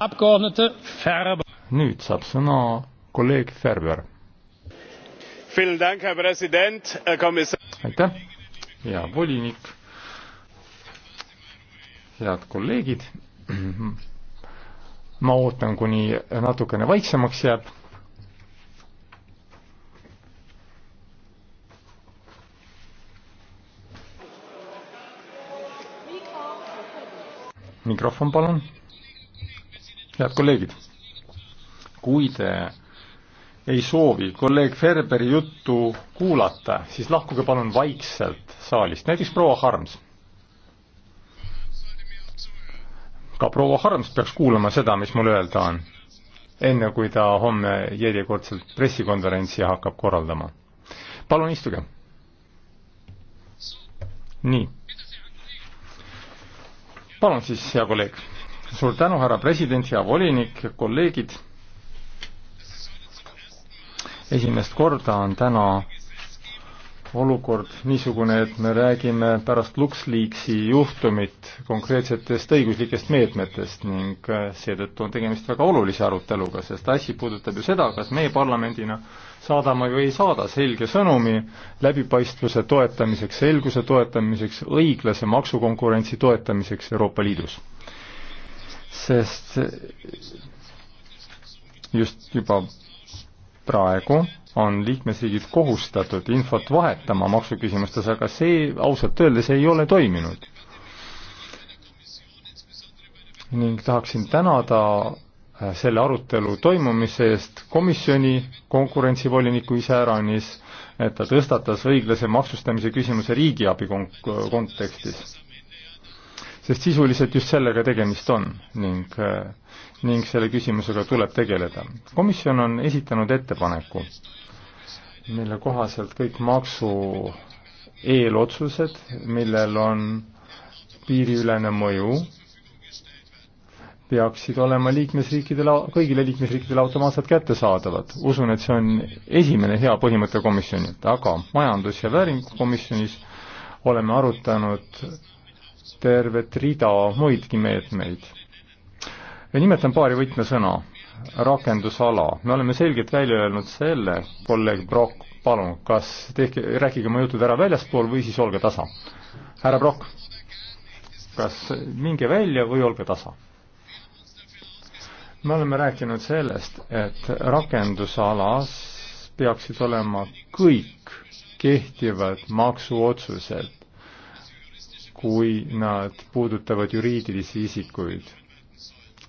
raporti. nüüd saab sõna kolleeg Ferber. aitäh, hea volinik, head kolleegid. ma ootan, kuni natukene vaiksemaks jääb mikrofon, palun. head kolleegid, kui te ei soovi kolleeg Ferberi juttu kuulata, siis lahkuge palun vaikselt saalist, näiteks proua Harms. ka proua Harms peaks kuulama seda, mis mul öelda on, enne kui ta homme järjekordselt pressikonverentsi hakkab korraldama. palun istuge. nii palun siis, hea kolleeg. suur tänu, härra president, hea volinik, kolleegid. esimest korda on täna olukord niisugune, et me räägime pärast LuxLeaksi juhtumit konkreetsetest õiguslikest meetmetest ning äh, seetõttu on tegemist väga olulise aruteluga, sest asi puudutab ju seda, kas meie parlamendina saadame või ei saada selge sõnumi läbipaistvuse toetamiseks, selguse toetamiseks, õiglase maksukonkurentsi toetamiseks Euroopa Liidus. sest just juba praegu on liikmesriigid kohustatud infot vahetama maksuküsimustes, aga see ausalt öeldes ei ole toiminud. ning tahaksin tänada äh, selle arutelu toimumise eest komisjoni konkurentsivoliniku iseäranis, et ta tõstatas õiglase maksustamise küsimuse riigiabi kon-, kontekstis. sest sisuliselt just sellega tegemist on ning, äh, ning selle küsimusega tuleb tegeleda. komisjon on esitanud ettepaneku mille kohaselt kõik maksu eelotsused, millel on piiriülene mõju, peaksid olema liikmesriikidele, kõigile liikmesriikidele automaatselt kättesaadavad. usun, et see on esimene hea põhimõte komisjonilt, aga majandus- ja vääringukomisjonis oleme arutanud tervet rida muidki meetmeid. ja nimetan paari võtmesõna rakendusala. me oleme selgelt välja öelnud selle, kolleeg Brock, palun, kas tehke, rääkige oma jutud ära väljaspool või siis olge tasa. härra Brock, kas minge välja või olge tasa? me oleme rääkinud sellest, et rakendusalas peaksid olema kõik kehtivad maksuotsused, kui nad puudutavad juriidilisi isikuid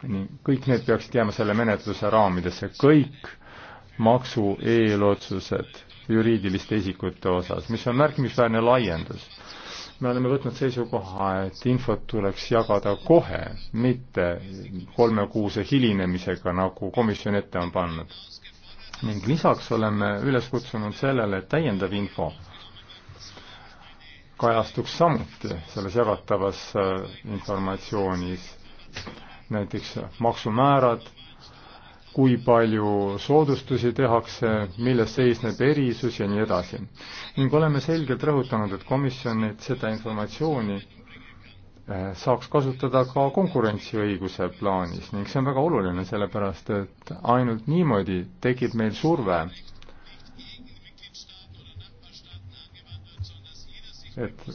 nii, kõik need peaksid jääma selle menetluse raamidesse, kõik maksu eelotsused juriidiliste isikute osas, mis on märkimisväärne laiendus. me oleme võtnud seisukoha, et infot tuleks jagada kohe, mitte kolmekuuse hilinemisega, nagu komisjon ette on pannud. ning lisaks oleme üles kutsunud sellele, et täiendav info kajastuks samuti selles jagatavas äh, informatsioonis näiteks maksumäärad, kui palju soodustusi tehakse, milles seisneb erisus ja nii edasi. ning oleme selgelt rõhutanud, et komisjon, et seda informatsiooni eh, saaks kasutada ka konkurentsiõiguse plaanis ning see on väga oluline, sellepärast et ainult niimoodi tekib meil surve, et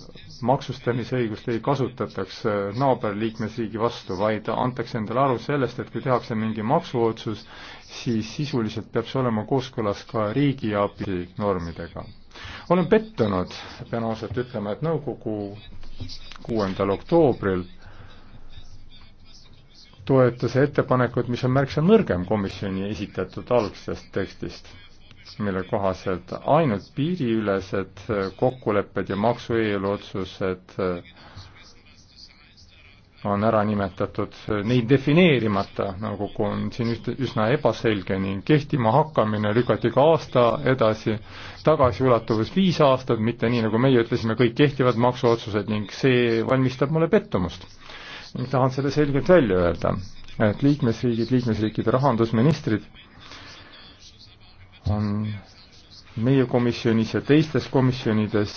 maksustamisõigust ei kasutataks äh, naaberliikmesriigi vastu, vaid antakse endale aru sellest, et kui tehakse mingi maksuotsus, siis sisuliselt peab see olema kooskõlas ka riigiabi normidega. olen pettunud, pean ausalt ütlema, et nõukogu kuuendal oktoobril toetas ettepanekut, mis on märksa nõrgem komisjoni esitatud algsest tekstist mille kohaselt ainult piiriülesed kokkulepped ja maksueelotsused äh, on ära nimetatud, neid defineerimata, nagu on siin üsna ebaselge ning kehtima hakkamine lükati ka aasta edasi, tagasiulatuvus viis aastat, mitte nii, nagu meie ütlesime, kõik kehtivad maksuotsused ning see valmistab mulle pettumust. ning tahan selle selgelt välja öelda, et liikmesriigid, liikmesriikide rahandusministrid on meie komisjonis ja teistes komisjonides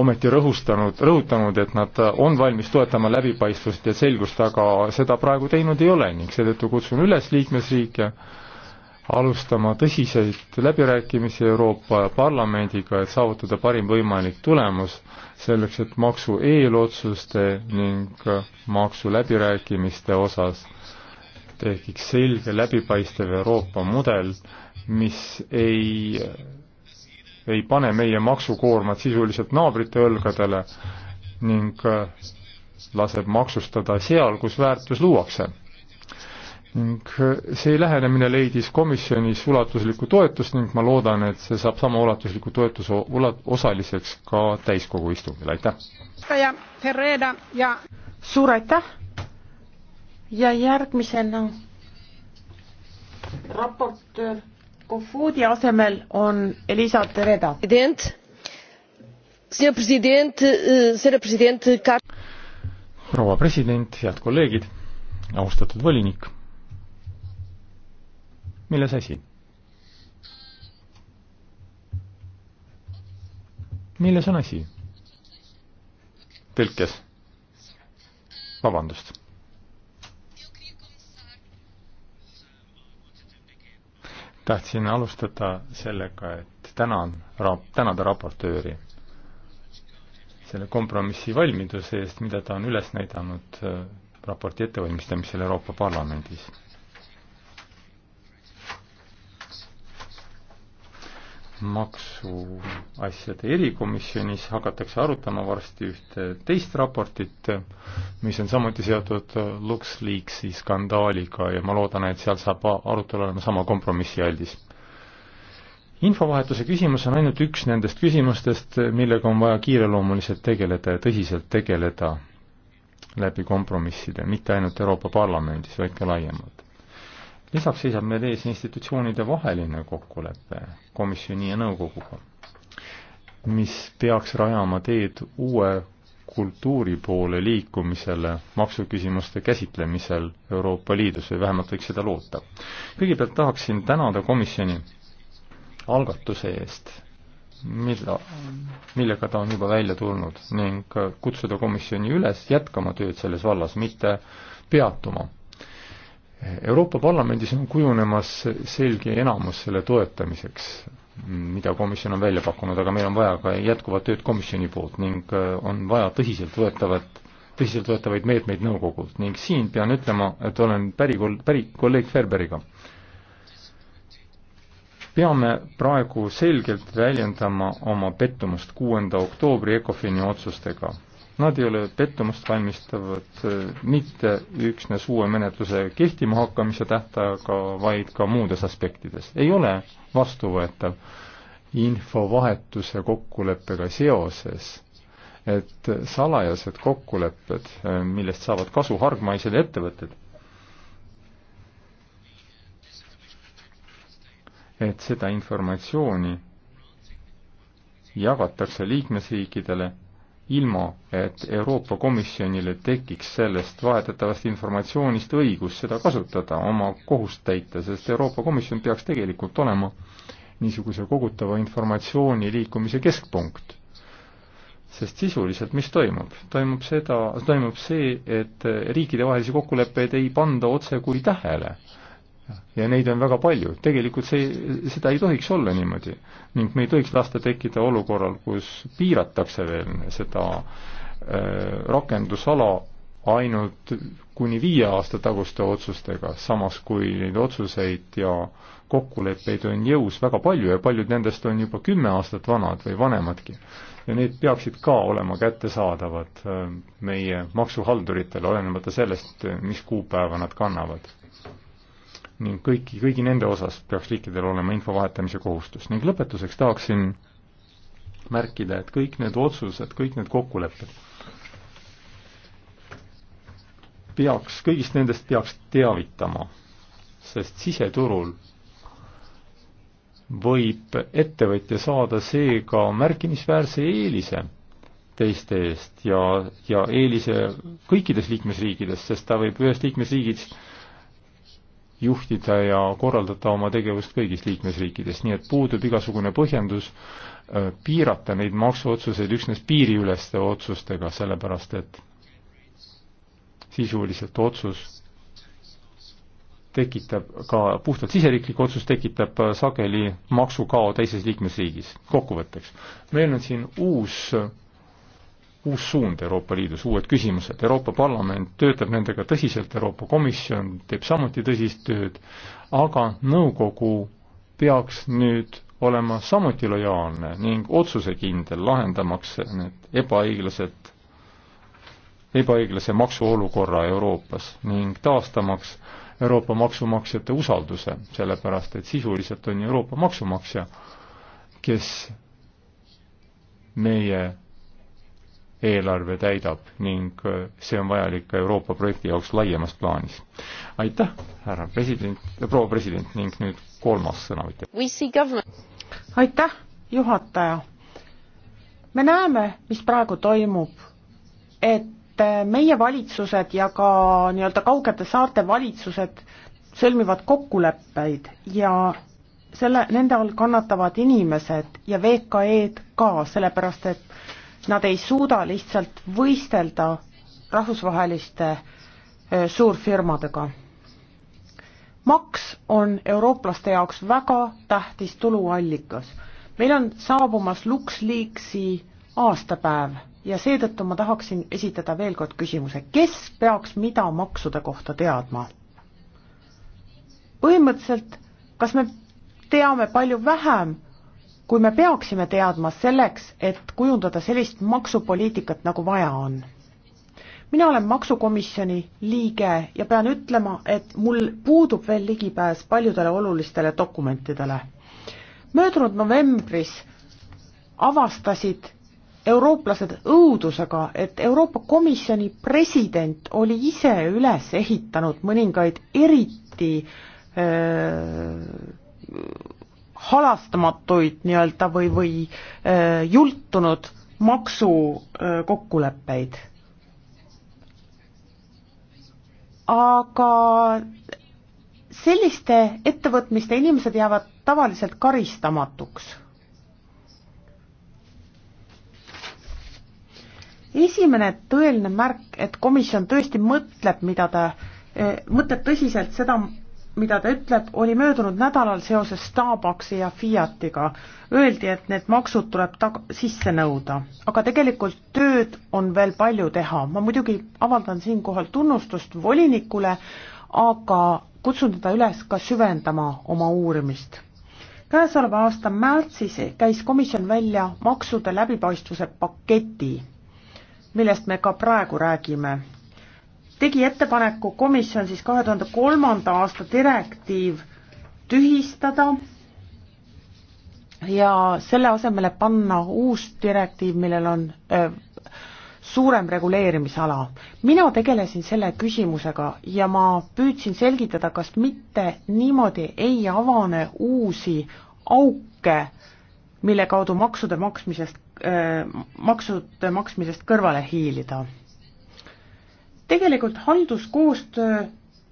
ometi rõhustanud, rõhutanud, et nad on valmis toetama läbipaistvust ja selgust, aga seda praegu teinud ei ole ning seetõttu kutsun üles liikmesriike alustama tõsiseid läbirääkimisi Euroopa Parlamendiga, et saavutada parim võimalik tulemus, selleks et maksu eelotsuste ning maksuläbirääkimiste osas tekiks selge läbipaistev Euroopa mudel, mis ei, ei pane meie maksukoormat sisuliselt naabrite õlgadele ning äh, laseb maksustada seal, kus väärtus luuakse. ning äh, see lähenemine leidis komisjonis ulatuslikku toetust ning ma loodan, et see saab sama ulatusliku toetuse ula-, osaliseks ka täiskogu istungil, aitäh! suur aitäh! ja järgmisena raportöör Kofoodi asemel on Elisa Tereda. Eh, proua president, head kolleegid, austatud volinik. milles asi? milles on asi? tõlkes. vabandust tahtsin alustada sellega, et tänan rap-, tänada raportööri selle kompromissi valmiduse eest, mida ta on üles näidanud äh, raporti ettevalmistamisel Euroopa Parlamendis maksuasjade erikomisjonis hakatakse arutama varsti ühte teist raportit, mis on samuti seotud LuxLeaksi skandaaliga ja ma loodan, et seal saab arutelu olema sama kompromissialdis. infovahetuse küsimus on ainult üks nendest küsimustest, millega on vaja kiireloomuliselt tegeleda ja tõsiselt tegeleda läbi kompromisside, mitte ainult Euroopa Parlamendis, vaid ka laiemalt lisaks seisab meil ees institutsioonide vaheline kokkulepe komisjoni ja nõukoguga, mis peaks rajama teed uue kultuuri poole liikumisele maksuküsimuste käsitlemisel Euroopa Liidus või vähemalt võiks seda loota. kõigepealt tahaksin tänada komisjoni algatuse eest, mille, millega ta on juba välja tulnud ning kutsuda komisjoni üles jätkama tööd selles vallas, mitte peatuma Euroopa Parlamendis on kujunemas selge enamus selle toetamiseks, mida komisjon on välja pakkunud, aga meil on vaja ka jätkuvat tööd komisjoni poolt ning äh, on vaja tõsiseltvõetavat, tõsiseltvõetavaid meetmeid nõukogult ning siin pean ütlema, et olen päri, päri kolleeg Ferberiga. peame praegu selgelt väljendama oma pettumust kuuenda oktoobri ECOFIN-i otsustega Nad ei ole pettumust valmistavad äh, mitte üksnes uue menetluse kehtima hakkamise tähtajaga, vaid ka muudes aspektides. ei ole vastuvõetav infovahetuse kokkuleppega seoses, et salajased kokkulepped, äh, millest saavad kasu hargmaised ettevõtted, et seda informatsiooni jagatakse liikmesriikidele ilma, et Euroopa Komisjonile tekiks sellest vahetatavast informatsioonist õigus seda kasutada, oma kohust täita, sest Euroopa Komisjon peaks tegelikult olema niisuguse kogutava informatsiooni liikumise keskpunkt. sest sisuliselt mis toimub? toimub seda, toimub see, et riikidevahelisi kokkuleppeid ei panda otsekui tähele ja neid on väga palju. tegelikult see, seda ei tohiks olla niimoodi. ning me ei tohiks lasta tekkida olukorral, kus piiratakse veel seda äh, rakendusala ainult kuni viie aasta taguste otsustega, samas kui neid otsuseid ja kokkuleppeid on jõus väga palju ja paljud nendest on juba kümme aastat vanad või vanemadki. ja need peaksid ka olema kättesaadavad äh, meie maksuhalduritele, olenemata sellest, mis kuupäeva nad kannavad ning kõiki, kõigi nende osas peaks riikidel olema info vahetamise kohustus. ning lõpetuseks tahaksin märkida, et kõik need otsused, kõik need kokkulepped peaks, kõigist nendest peaks teavitama, sest siseturul võib ettevõtja saada seega märkimisväärse eelise teiste eest ja, ja eelise kõikides liikmesriikides, sest ta võib ühest liikmesriigist juhtida ja korraldada oma tegevust kõigis liikmesriikides, nii et puudub igasugune põhjendus äh, piirata neid maksuotsuseid üksnes piiriüleste otsustega, sellepärast et sisuliselt otsus tekitab ka, puhtalt siseriiklik otsus tekitab äh, sageli maksukao teises liikmesriigis, kokkuvõtteks. meil on siin uus uus suund Euroopa Liidus, uued küsimused, Euroopa Parlament töötab nendega tõsiselt, Euroopa Komisjon teeb samuti tõsist tööd, aga nõukogu peaks nüüd olema samuti lojaalne ning otsusekindel, lahendamaks need ebaõiglased, ebaõiglase maksuolukorra Euroopas ning taastamaks Euroopa maksumaksjate usalduse, sellepärast et sisuliselt on Euroopa maksumaksja, kes meie eelarve täidab ning äh, see on vajalik ka Euroopa projekti jaoks laiemas plaanis. aitäh, härra president, proua president ning nüüd kolmas sõnavõtja. aitäh, juhataja. me näeme, mis praegu toimub, et äh, meie valitsused ja ka nii-öelda kaugete saarte valitsused sõlmivad kokkuleppeid ja selle, nende all kannatavad inimesed ja VKE-d ka, sellepärast et nad ei suuda lihtsalt võistelda rahvusvaheliste suurfirmadega. maks on eurooplaste jaoks väga tähtis tuluallikas. meil on saabumas LuxLeaksi aastapäev ja seetõttu ma tahaksin esitada veel kord küsimuse, kes peaks mida maksude kohta teadma? põhimõtteliselt, kas me teame palju vähem kui me peaksime teadma selleks, et kujundada sellist maksupoliitikat, nagu vaja on? mina olen Maksukomisjoni liige ja pean ütlema, et mul puudub veel ligipääs paljudele olulistele dokumentidele. möödunud novembris avastasid eurooplased õudusega, et Euroopa Komisjoni president oli ise üles ehitanud mõningaid eriti öö, halastamatuid nii-öelda või, või äh, jultunud maksukokkuleppeid äh,. aga selliste ettevõtmiste inimesed jäävad tavaliselt karistamatuks. esimene tõeline märk, et komisjon tõesti mõtleb, mida ta, äh, mõtleb tõsiselt seda, mida ta ütleb, oli möödunud nädalal seoses Starbucksi ja Fiatiga. Öeldi, et need maksud tuleb tag-, sisse nõuda, aga tegelikult tööd on veel palju teha. ma muidugi avaldan siinkohal tunnustust volinikule, aga kutsun teda üles ka süvendama oma uurimist. käesoleva aasta märtsis käis komisjon välja maksude läbipaistvuse paketi, millest me ka praegu räägime tegi ettepaneku komisjon siis kahe tuhande kolmanda aasta direktiiv tühistada ja selle asemele panna uus direktiiv, millel on öö, suurem reguleerimisala. mina tegelesin selle küsimusega ja ma püüdsin selgitada, kas mitte niimoodi ei avane uusi auke, mille kaudu maksude maksmisest, maksude maksmisest kõrvale hiilida tegelikult halduskoostöö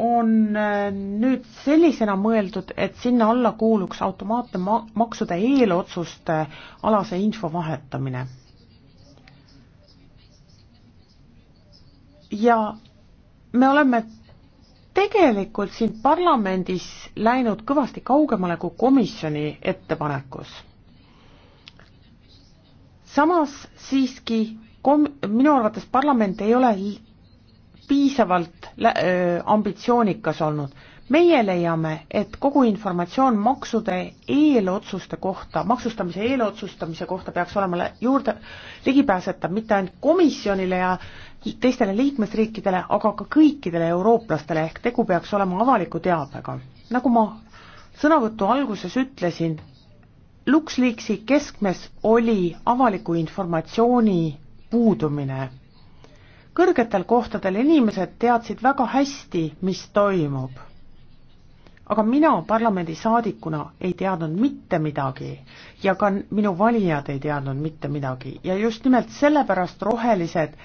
on äh, nüüd sellisena mõeldud, et sinna alla kuuluks automaatne ma maksude eelotsuste alase info vahetamine. ja me oleme tegelikult siin parlamendis läinud kõvasti kaugemale kui komisjoni ettepanekus. samas siiski kom-, minu arvates parlament ei ole piisavalt ambitsioonikas olnud. meie leiame, et kogu informatsioon maksude eelotsuste kohta, maksustamise eelotsustamise kohta peaks olema juurde ligipääsetav mitte ainult komisjonile ja teistele liikmesriikidele, aga ka kõikidele eurooplastele, ehk tegu peaks olema avaliku teabega. nagu ma sõnavõtu alguses ütlesin, LuxLeaksi keskmes oli avaliku informatsiooni puudumine kõrgetel kohtadel inimesed teadsid väga hästi, mis toimub. aga mina parlamendisaadikuna ei teadnud mitte midagi ja ka minu valijad ei teadnud mitte midagi ja just nimelt sellepärast rohelised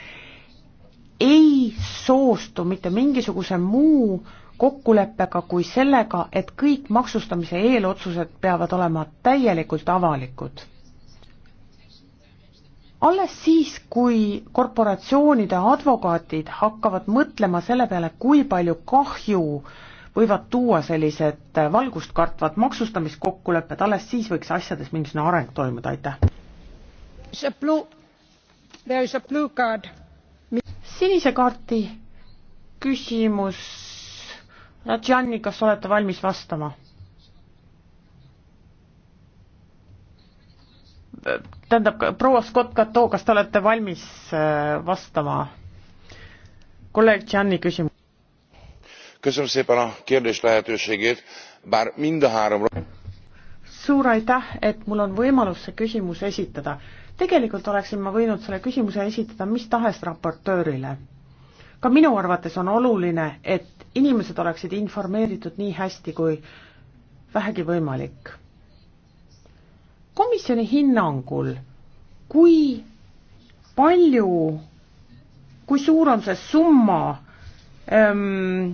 ei soostu mitte mingisuguse muu kokkuleppega kui sellega, et kõik maksustamise eelotsused peavad olema täielikult avalikud alles siis, kui korporatsioonide advokaadid hakkavad mõtlema selle peale, kui palju kahju võivad tuua sellised valgust kartvad maksustamiskokkulepped, alles siis võiks asjades mingisugune areng toimuda, aitäh. sinise kaarti küsimus. Radžani, kas olete valmis vastama? tähendab, proua Scott Cato, kas te olete valmis äh, vastama kolleeg Gianni küsimusele? köszönöm szépen a kérdés lehetőségét, bár mind a három suur aitäh, et mul on võimalus see küsimus esitada. tegelikult oleksin ma võinud selle küsimuse esitada mis tahes raportöörile. ka minu arvates on oluline, et inimesed oleksid informeeritud nii hästi kui vähegi võimalik komisjoni hinnangul, kui palju, kui suur on see summa ähm,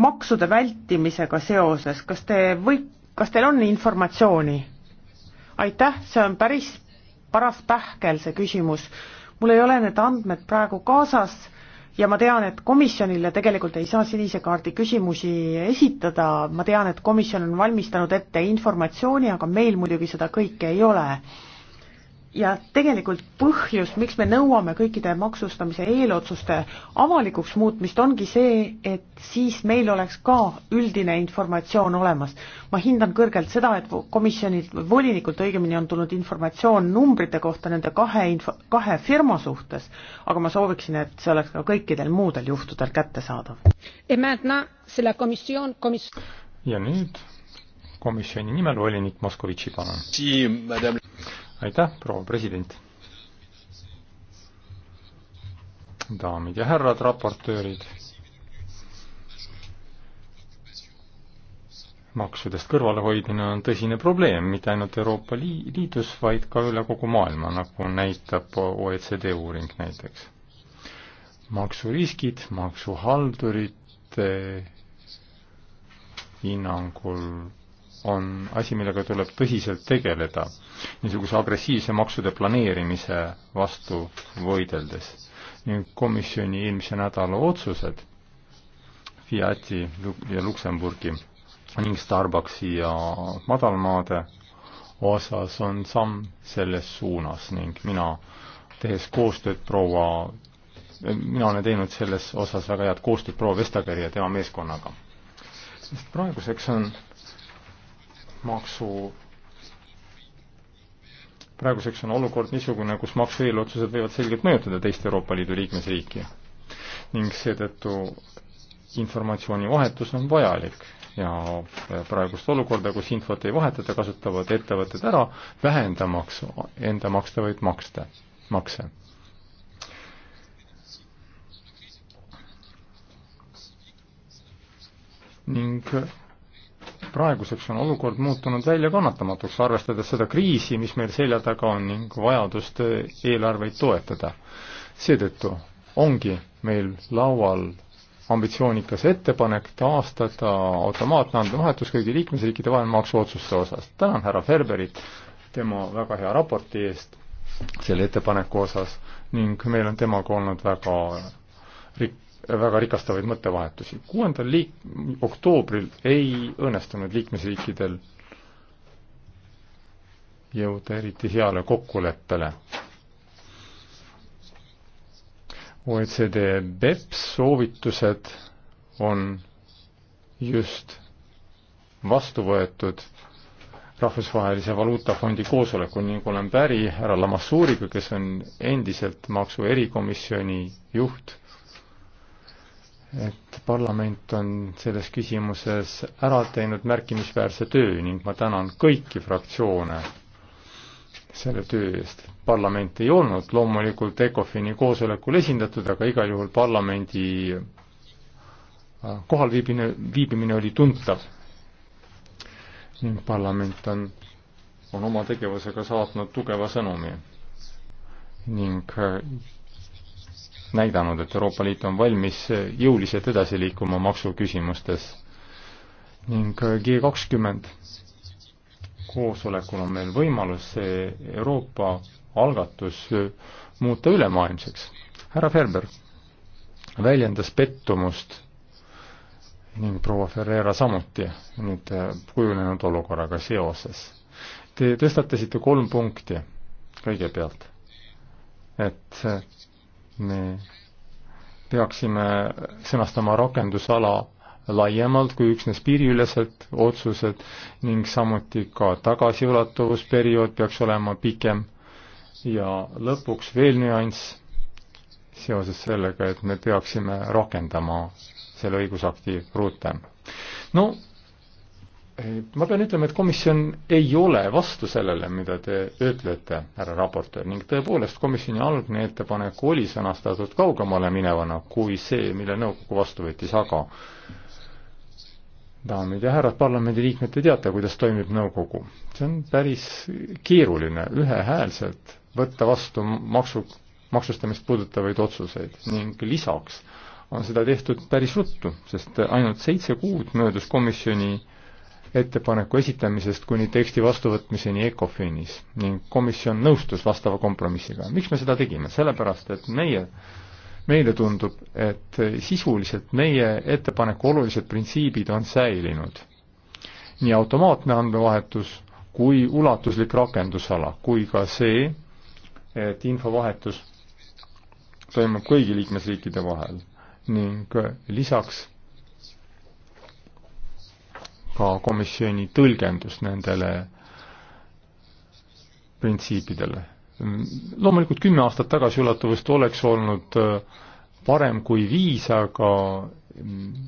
maksude vältimisega seoses, kas te või, kas teil on informatsiooni? aitäh, see on päris paras pähkel, see küsimus. mul ei ole need andmed praegu kaasas ja ma tean, et komisjonile tegelikult ei saa sinise kaardi küsimusi esitada, ma tean, et komisjon on valmistanud ette informatsiooni, aga meil muidugi seda kõike ei ole ja tegelikult põhjus, miks me nõuame kõikide maksustamise eelotsuste avalikuks muutmist, ongi see, et siis meil oleks ka üldine informatsioon olemas. ma hindan kõrgelt seda, et komisjonilt või volinikult õigemini on tulnud informatsioon numbrite kohta nende kahe info, kahe firma suhtes, aga ma sooviksin, et see oleks ka kõikidel muudel juhtudel kättesaadav. ja nüüd komisjoni nimel volinik Moskovitši, palun aitäh, proua president! daamid ja härrad, raportöörid! maksudest kõrvalehoidmine on tõsine probleem mitte ainult Euroopa Liidus, vaid ka üle kogu maailma, nagu näitab OECD uuring näiteks. maksuriskid maksuhaldurite hinnangul on asi, millega tuleb tõsiselt tegeleda niisuguse agressiivse maksude planeerimise vastu võideldes. ning komisjoni eelmise nädala otsused Fiati ja Luksemburgi ning Starbucksi ja madalmaade osas on samm selles suunas ning mina, tehes koostööd proua, mina olen teinud selles osas väga head koostööd proua Vestageri ja tema meeskonnaga. sest praeguseks on maksu praeguseks on olukord niisugune, kus maksu eelotsused võivad selgelt mõjutada teist Euroopa Liidu liikmesriiki ning seetõttu informatsioonivahetus on vajalik ja praegust olukorda, kus infot ei vahetata, kasutavad ettevõtted ära, vähendamaks enda makstavaid makste, makse. ning praeguseks on olukord muutunud väljakannatamatuks, arvestades seda kriisi, mis meil selja taga on ning vajadust eelarveid toetada. seetõttu ongi meil laual ambitsioonikas ettepanek taastada automaatne andmevahetus kõigi liikmesriikide vahel maksuotsuste osas. tänan härra Ferberit tema väga hea raporti eest selle ettepaneku osas ning meil on temaga olnud väga rik-, väga rikastavaid mõttevahetusi. kuuendal liik-, oktoobril ei õnnestunud liikmesriikidel jõuda eriti heale kokkuleppele. OECD BEPS soovitused on just vastu võetud Rahvusvahelise Valuutafondi koosolekul ning olen päri härra Lamassuuriga, kes on endiselt maksu erikomisjoni juht et parlament on selles küsimuses ära teinud märkimisväärse töö ning ma tänan kõiki fraktsioone selle töö eest. parlament ei olnud loomulikult ECOFIN-i koosolekul esindatud, aga igal juhul parlamendi äh, kohalviibimine, viibimine oli tuntav. ning parlament on, on oma tegevusega saatnud tugeva sõnumi ning äh, näidanud, et Euroopa Liit on valmis jõuliselt edasi liikuma maksuküsimustes ning G kakskümmend koosolekul on meil võimalus see Euroopa algatus muuta ülemaailmseks. härra Ferber väljendas pettumust ning proua Ferreira samuti nüüd äh, kujunenud olukorraga seoses. Te tõstatasite kolm punkti kõigepealt, et äh, me peaksime sõnastama rakendusala laiemalt kui üksnes piiriülesed otsused ning samuti ka tagasiulatuvusperiood peaks olema pikem ja lõpuks veel nüanss seoses sellega, et me peaksime rakendama selle õigusakti ruutem. no ma pean ütlema, et komisjon ei ole vastu sellele, mida te ütlete, härra raportöör, ning tõepoolest, komisjoni algne ettepanek oli sõnastatud kaugemale minevana kui see, mille nõukogu vastu võttis, aga daamid ja härrad parlamendiliikmed, te teate, kuidas toimib nõukogu. see on päris keeruline ühehäälselt võtta vastu maksu, maksustamist puudutavaid otsuseid ning lisaks on seda tehtud päris ruttu, sest ainult seitse kuud möödus komisjoni äh, ettepaneku esitamisest kuni teksti vastuvõtmiseni ECOFINis ning komisjon nõustus vastava kompromissiga. miks me seda tegime? sellepärast, et meie, meile tundub, et sisuliselt meie ettepaneku olulised printsiibid on säilinud. nii automaatne andmevahetus kui ulatuslik rakendusala, kui ka see, et infovahetus toimub kõigi liikmesriikide vahel ning lisaks ka komisjoni tõlgendus nendele printsiipidele. loomulikult kümme aastat tagasiulatuvust oleks olnud äh, parem kui viis, aga mm,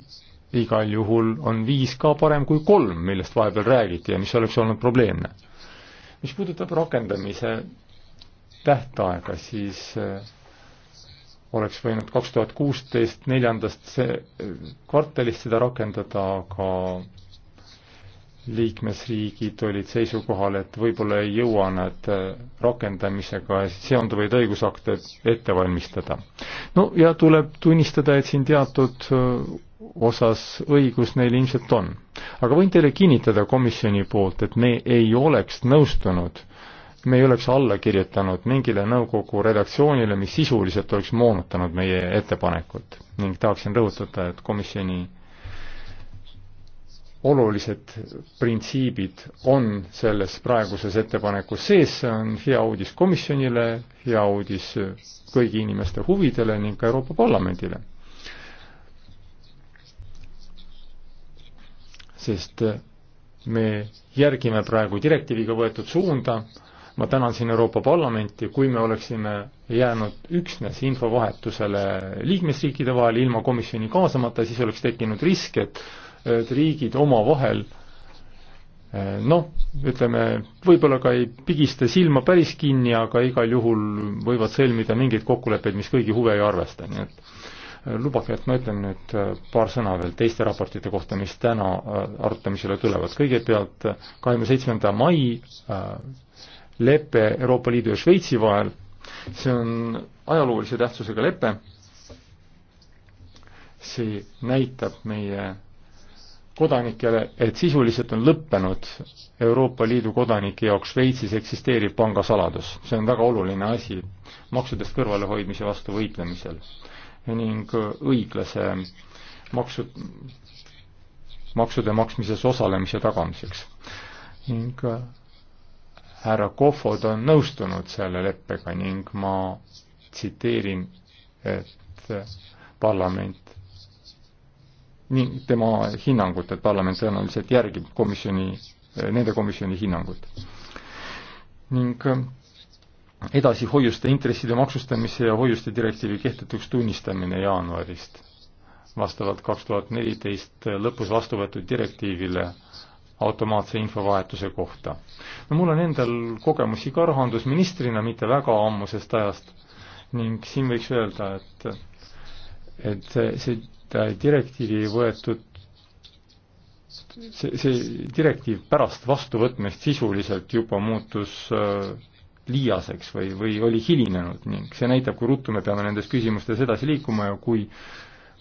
igal juhul on viis ka parem kui kolm, millest vahepeal räägiti ja mis oleks olnud probleemne. mis puudutab rakendamise tähtaega, siis äh, oleks võinud kaks tuhat kuusteist neljandast äh, kvartalist seda rakendada, aga liikmesriigid olid seisukohal, et võib-olla ei jõua nad äh, rakendamisega seonduvaid õigusakte ette valmistada. no ja tuleb tunnistada, et siin teatud äh, osas õigus neil ilmselt on. aga võin teile kinnitada komisjoni poolt, et me ei oleks nõustunud, me ei oleks alla kirjutanud mingile nõukogu redaktsioonile, mis sisuliselt oleks moonutanud meie ettepanekut ning tahaksin rõhutada, et komisjoni olulised printsiibid on selles praeguses ettepanekus sees, see on hea uudis komisjonile, hea uudis kõigi inimeste huvidele ning ka Euroopa Parlamendile. sest me järgime praegu direktiiviga võetud suunda, ma tänan siin Euroopa Parlamenti, kui me oleksime jäänud üksnes infovahetusele liikmesriikide vahel ilma komisjoni kaasamata, siis oleks tekkinud risk, et riigid omavahel eh, noh, ütleme, võib-olla ka ei pigista silma päris kinni, aga igal juhul võivad sõlmida mingeid kokkuleppeid, mis kõigi huve ei arvesta, nii et eh, lubage, et ma ütlen nüüd eh, paar sõna veel teiste raportite kohta, mis täna arutamisele tulevad. kõigepealt kahekümne seitsmenda mai lepe Euroopa Liidu ja Šveitsi vahel, see on ajaloolise tähtsusega lepe, see näitab meie kodanikele, et sisuliselt on lõppenud Euroopa Liidu kodanike jaoks Šveitsis eksisteeriv pangasaladus. see on väga oluline asi maksudest kõrvalehoidmise vastu võitlemisel ning õiglase maksu, maksude maksmises osalemise tagamiseks. ning härra Kofod on nõustunud selle leppega ning ma tsiteerin, et parlament ning tema hinnangut, et parlament tõenäoliselt järgib komisjoni, nende komisjoni hinnangut. ning äh, edasi hoiuste intresside maksustamise ja hoiuste direktiivi kehtetuks tunnistamine jaanuarist. vastavalt kaks tuhat neliteist lõpus vastu võetud direktiivile automaatse infovahetuse kohta. no mul on endal kogemusi ka rahandusministrina, mitte väga ammusest ajast ning siin võiks öelda, et et see Äh, direktiivi ei võetud, see, see direktiiv pärast vastuvõtmist sisuliselt juba muutus äh, liiaseks või, või oli hilinenud ning see näitab, kui ruttu me peame nendes küsimustes edasi liikuma ja kui,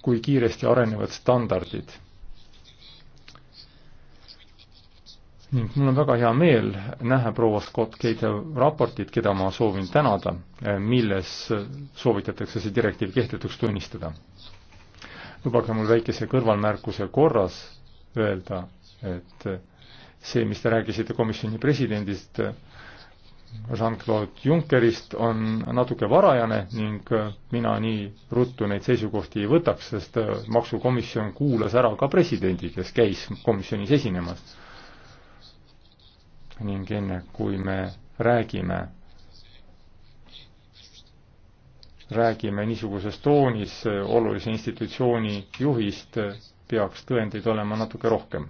kui kiiresti arenevad standardid ning mul on väga hea meel näha proua Scott Keita raportit, keda ma soovin tänada, äh, milles soovitatakse see direktiiv kehtetuks tunnistada lubage mul väikese kõrvalmärkuse korras öelda, et see, mis te rääkisite komisjoni presidendist Jean-Claude Junckerist, on natuke varajane ning mina nii ruttu neid seisukohti ei võtaks, sest maksukomisjon kuulas ära ka presidendi, kes käis komisjonis esinemas. ning enne, kui me räägime räägime niisuguses toonis olulise institutsiooni juhist, peaks tõendeid olema natuke rohkem.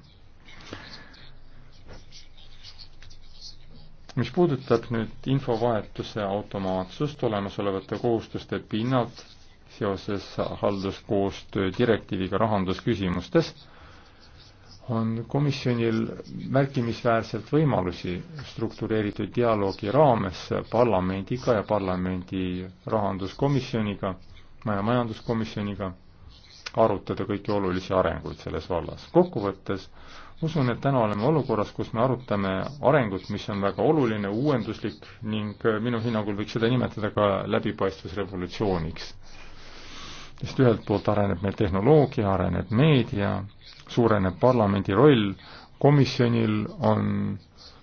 mis puudutab nüüd infovahetuse automaatsust olemasolevate kohustuste pinnalt seoses halduskoostöö direktiiviga rahandusküsimustes, on komisjonil märkimisväärselt võimalusi struktureeritud dialoogi raames parlamendiga ja parlamendi rahanduskomisjoniga ja majanduskomisjoniga arutada kõiki olulisi arenguid selles vallas. kokkuvõttes usun, et täna oleme olukorras, kus me arutame arengut, mis on väga oluline, uuenduslik ning minu hinnangul võiks seda nimetada ka läbipaistvusrevolutsiooniks. sest ühelt poolt areneb meil tehnoloogia, areneb meedia, suureneb parlamendi roll, komisjonil on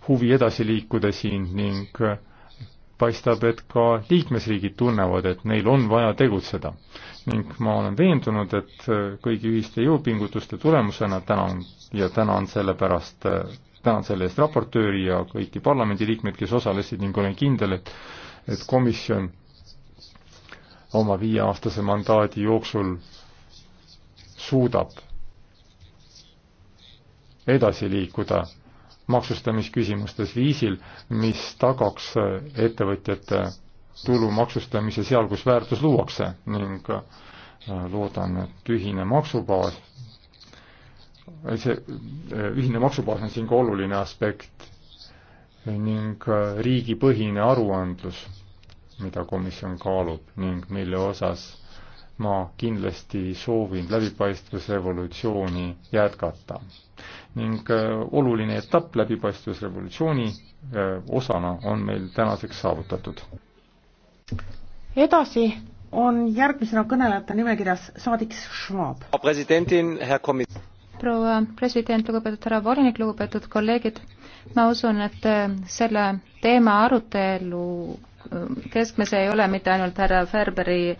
huvi edasi liikuda siin ning paistab, et ka liikmesriigid tunnevad, et neil on vaja tegutseda. ning ma olen veendunud, et kõigi ühiste jõupingutuste tulemusena tänan ja tänan selle pärast, tänan selle eest raportööri ja kõiki parlamendiliikmeid, kes osalesid ning olen kindel, et et komisjon oma viieaastase mandaadi jooksul suudab edasi liikuda maksustamisküsimustes viisil, mis tagaks ettevõtjate tulu maksustamise seal, kus väärtus luuakse ning äh, loodan, et ühine maksubaas, see äh, ühine maksubaas on siin ka oluline aspekt ning äh, riigipõhine aruandlus, mida komisjon kaalub ning mille osas ma kindlasti soovin läbipaistvusrevolutsiooni jätkata. ning äh, oluline etapp läbipaistvusrevolutsiooni äh, osana on meil tänaseks saavutatud. edasi on järgmisena kõnelejate nimekirjas saadik Schwab. proua president, lugupeetud härra volinik, lugupeetud kolleegid, ma usun, et äh, selle teema arutelu keskmes ei ole mitte ainult härra Ferberi äh,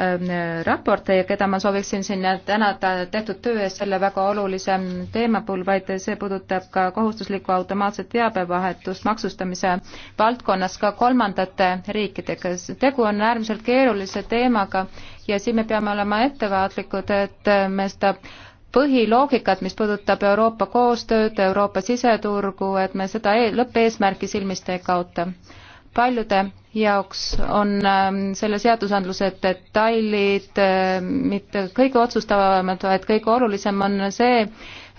Ähm, raporteja, keda ma sooviksin siin tänada tehtud töö eest selle väga olulise teema puhul, vaid see puudutab ka kohustuslikku automaatset teabevahetust maksustamise valdkonnas ka kolmandate riikidega. tegu on äärmiselt keerulise teemaga ja siin me peame olema ettevaatlikud, et me seda põhiloogikat, mis puudutab Euroopa koostööd, Euroopa siseturgu, et me seda e lõppeesmärki silmist ei kaota paljude jaoks on ähm, selle seadusandluse detailid äh, mitte kõige otsustavamad, vaid kõige olulisem on see,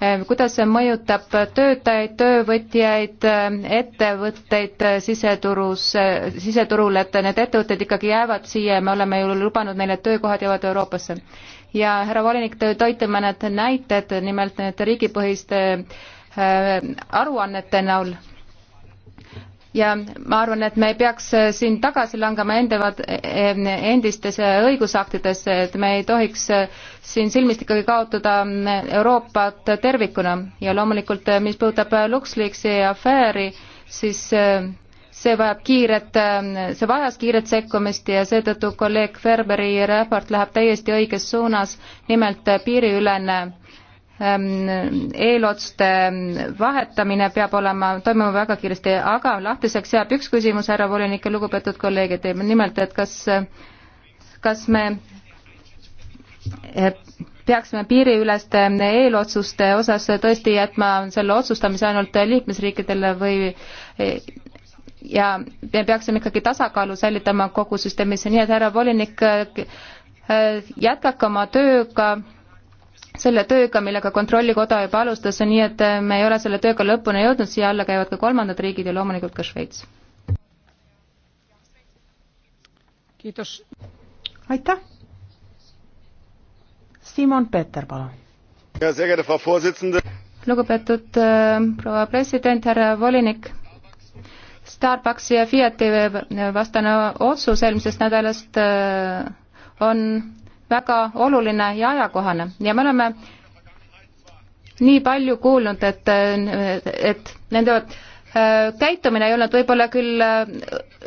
äh, kuidas see mõjutab töötajaid, töövõtjaid, äh, ettevõtteid siseturus, siseturul, et need ettevõtted ikkagi jäävad siia ja me oleme ju lubanud neile, et töökohad jäävad Euroopasse. ja härra volinik, te tõite mõned näited, nimelt need riigipõhiste aruannete näol ja ma arvan, et me ei peaks äh, siin tagasi langema endevad, äh, endistes äh, õigusaktides, et me ei tohiks siin silmist ikkagi kaotada Euroopat tervikuna ja loomulikult, mis puudutab LuxLeaksi afääri, siis see vajab kiiret, see vajas kiiret sekkumist ja seetõttu kolleeg Ferberi raport läheb täiesti õiges suunas, nimelt piiriülene Ähm, eelotste vahetamine peab olema, toimuma väga kiiresti, aga lahtiseks jääb üks küsimus, härra volinik ja lugupeetud kolleegid, nimelt, et kas, kas me peaksime piiriüleste eelotsuste osas tõesti jätma selle otsustamise ainult liikmesriikidele või ja me peaksime ikkagi tasakaalu säilitama kogu süsteemis, nii et härra volinik, jätkake oma tööga selle tööga, millega Kontrollikoda juba alustas, nii et äh, me ei ole selle tööga lõpuni jõudnud, siia alla käivad ka kolmandad riigid ja loomulikult ka Šveits. aitäh. Simon Peeter, palun. lugupeetud äh, proua president, härra volinik Starbucksi ja Fiati vastane otsus eelmisest nädalast äh, on väga oluline ja ajakohane ja me oleme nii palju kuulnud, et, et nende äh, käitumine ei olnud võib-olla küll äh,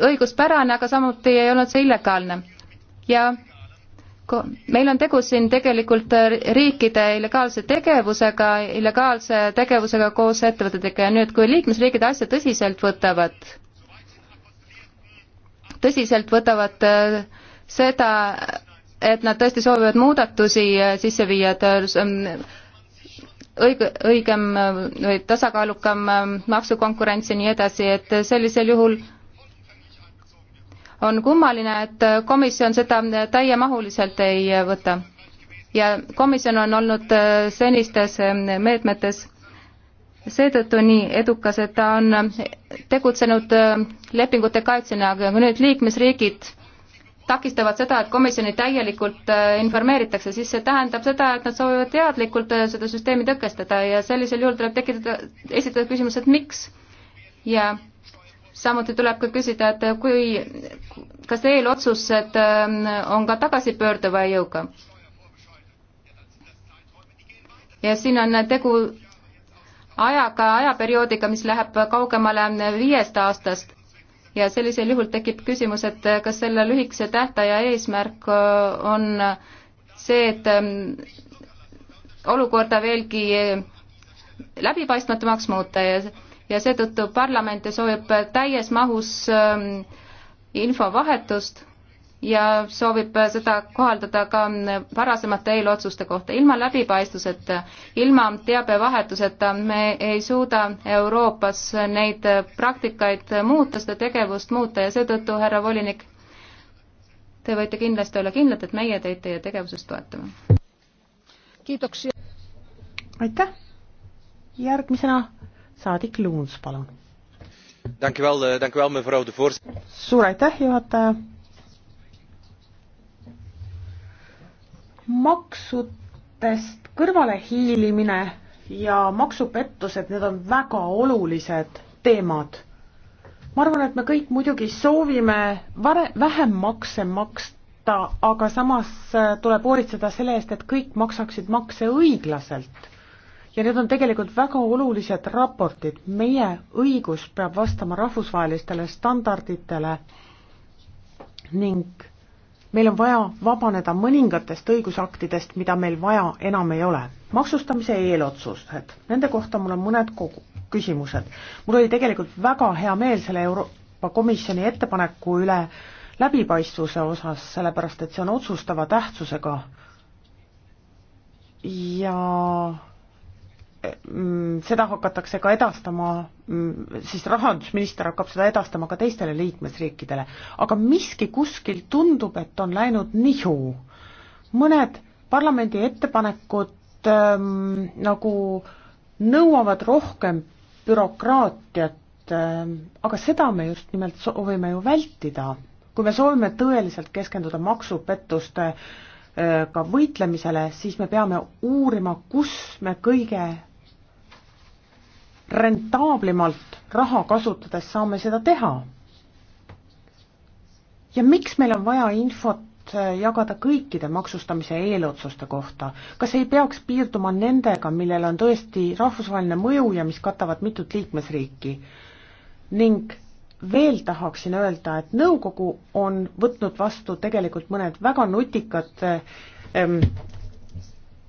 õiguspärane, aga samuti ei olnud see illegaalne. ja meil on tegu siin tegelikult äh, riikide illegaalse tegevusega, illegaalse tegevusega koos ettevõtetega ja nüüd, kui liikmesriigid asja tõsiselt võtavad, tõsiselt võtavad seda, et nad tõesti soovivad muudatusi äh, sisse viia, et äh, ähm, õige, õigem äh, või tasakaalukam ähm, maksukonkurents ja nii edasi, et sellisel juhul on kummaline, et komisjon seda täiemahuliselt ei võta. ja komisjon on olnud senistes ähm, meetmetes seetõttu nii edukas, et ta on tegutsenud lepingute kaitsjana, aga nüüd liikmesriigid takistavad seda, et komisjoni täielikult äh, informeeritakse, siis see tähendab seda, et nad soovivad teadlikult äh, seda süsteemi tõkestada ja sellisel juhul tuleb tekitada, esitada küsimus, et miks. ja samuti tuleb ka küsida, et kui, kas eelotsused äh, on ka tagasipöörduva jõuga? ja siin on tegu ajaga, ajaperioodiga, mis läheb kaugemale viiest aastast ja sellisel juhul tekib küsimus, et äh, kas selle lühikese tähtaja eesmärk äh, on äh, see, et ähm, olukorda veelgi läbipaistmatumaks muuta ja, ja seetõttu parlament soovib täies mahus ähm, infovahetust ja soovib seda kohaldada ka varasemate eelotsuste kohta. ilma läbipaistvuseta, ilma teabevahetuseta me ei suuda Euroopas neid praktikaid muuta, seda tegevust muuta ja seetõttu, härra volinik, te võite kindlasti olla kindlad, et meie teid teie tegevuses toetame. kiitoksia. aitäh. järgmisena saadik Luuns, palun. Eh, suur aitäh, juhataja maksudest kõrvalehiilimine ja maksupettused, need on väga olulised teemad. ma arvan, et me kõik muidugi soovime vare-, vähem makse maksta, aga samas äh, tuleb hoolitseda selle eest, et kõik maksaksid makse õiglaselt. ja need on tegelikult väga olulised raportid, meie õigus peab vastama rahvusvahelistele standarditele ning meil on vaja vabaneda mõningatest õigusaktidest, mida meil vaja enam ei ole. maksustamise eelotsused, nende kohta mul on mõned kogu-, küsimused. mul oli tegelikult väga hea meel selle Euroopa Komisjoni ettepaneku üle läbipaistvuse osas, sellepärast et see on otsustava tähtsusega ja Mm, seda hakatakse ka edastama, mm, siis rahandusminister hakkab seda edastama ka teistele liikmesriikidele. aga miski kuskil tundub, et on läinud nihu. mõned parlamendi ettepanekud ähm, nagu nõuavad rohkem bürokraatiat ähm,, aga seda me just nimelt soovime ju vältida. kui me soovime tõeliselt keskenduda maksupettuste äh, ka võitlemisele, siis me peame uurima, kus me kõige rentaablimalt raha kasutades saame seda teha. ja miks meil on vaja infot äh, jagada kõikide maksustamise eelotsuste kohta, kas ei peaks piirduma nendega, millel on tõesti rahvusvaheline mõju ja mis katavad mitut liikmesriiki? ning veel tahaksin öelda, et nõukogu on võtnud vastu tegelikult mõned väga nutikad äh, ähm,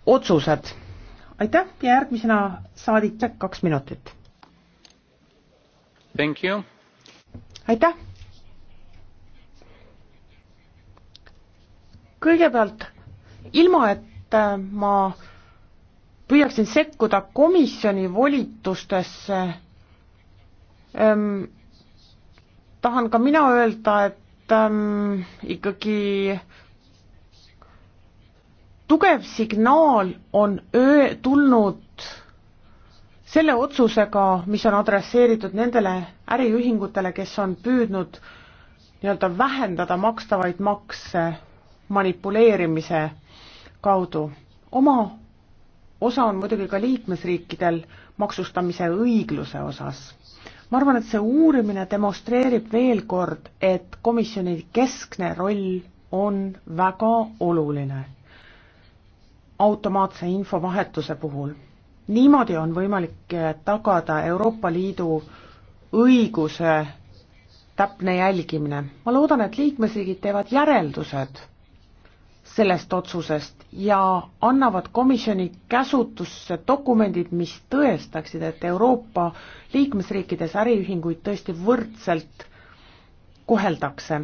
otsused aitäh ja järgmisena saadik kaks minutit. aitäh. kõigepealt ilma, et äh, ma püüaksin sekkuda komisjoni volitustesse ähm,, tahan ka mina öelda, et ähm, ikkagi tugev signaal on öö, tulnud selle otsusega, mis on adresseeritud nendele äriühingutele, kes on püüdnud nii-öelda vähendada makstavaid makse manipuleerimise kaudu. oma osa on muidugi ka liikmesriikidel maksustamise õigluse osas. ma arvan, et see uurimine demonstreerib veel kord, et komisjoni keskne roll on väga oluline automaatse infovahetuse puhul. niimoodi on võimalik tagada Euroopa Liidu õiguse täpne jälgimine. ma loodan, et liikmesriigid teevad järeldused sellest otsusest ja annavad komisjoni käsutusse dokumendid, mis tõestaksid, et Euroopa liikmesriikides äriühinguid tõesti võrdselt koheldakse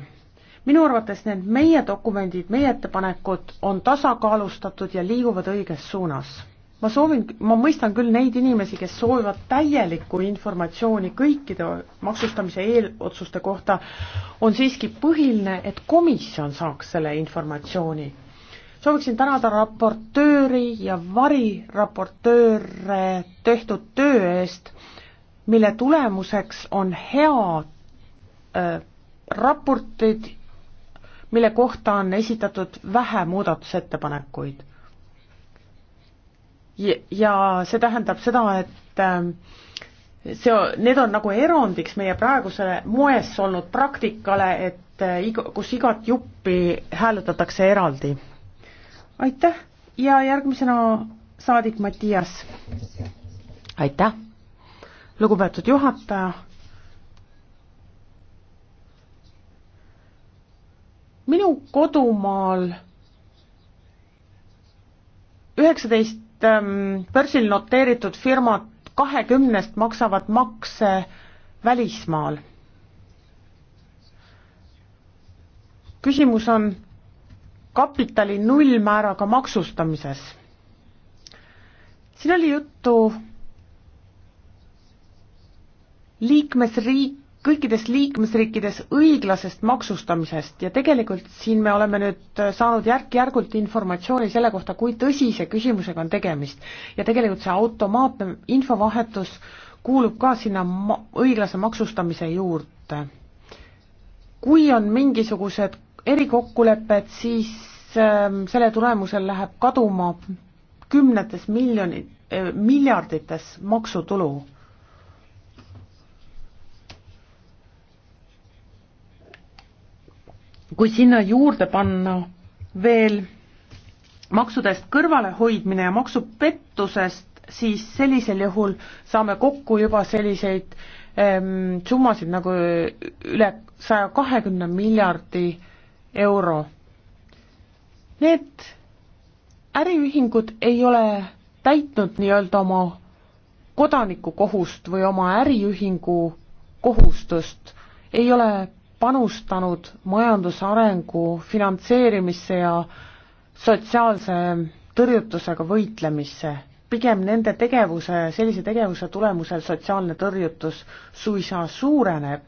minu arvates need meie dokumendid, meie ettepanekud on tasakaalustatud ja liiguvad õiges suunas. ma soovin, ma mõistan küll neid inimesi, kes soovivad täielikku informatsiooni kõikide maksustamise eelotsuste kohta, on siiski põhiline, et komisjon saaks selle informatsiooni. sooviksin tänada raportööri ja variraportööre tehtud töö eest, mille tulemuseks on hea äh, raportid mille kohta on esitatud vähe muudatusettepanekuid. ja see tähendab seda, et äh, see, need on nagu erandiks meie praegusele moes olnud praktikale, et äh, iga, kus igat juppi hääletatakse eraldi. aitäh ja järgmisena saadik Mattias. aitäh, lugupeetud juhataja minu kodumaal üheksateist ähm, börsil noteeritud firmat kahekümnest maksavad makse välismaal. küsimus on kapitali nullmääraga maksustamises. siin oli juttu liikmesriik kõikides liikmesriikides õiglasest maksustamisest ja tegelikult siin me oleme nüüd saanud järk-järgult informatsiooni selle kohta, kui tõsise küsimusega on tegemist. ja tegelikult see automaatne infovahetus kuulub ka sinna ma õiglase maksustamise juurde. kui on mingisugused erikokkulepped, siis äh, selle tulemusel läheb kaduma kümnetes miljonid äh,, miljardites maksutulu kui sinna juurde panna veel maksudest kõrvalehoidmine ja maksupettusest, siis sellisel juhul saame kokku juba selliseid ähm, summasid nagu üle saja kahekümne miljardi euro. Need äriühingud ei ole täitnud nii-öelda oma kodanikukohust või oma äriühingu kohustust, ei ole panustanud majandusarengu finantseerimisse ja sotsiaalse tõrjutusega võitlemisse. pigem nende tegevuse, sellise tegevuse tulemusel sotsiaalne tõrjutus suisa suureneb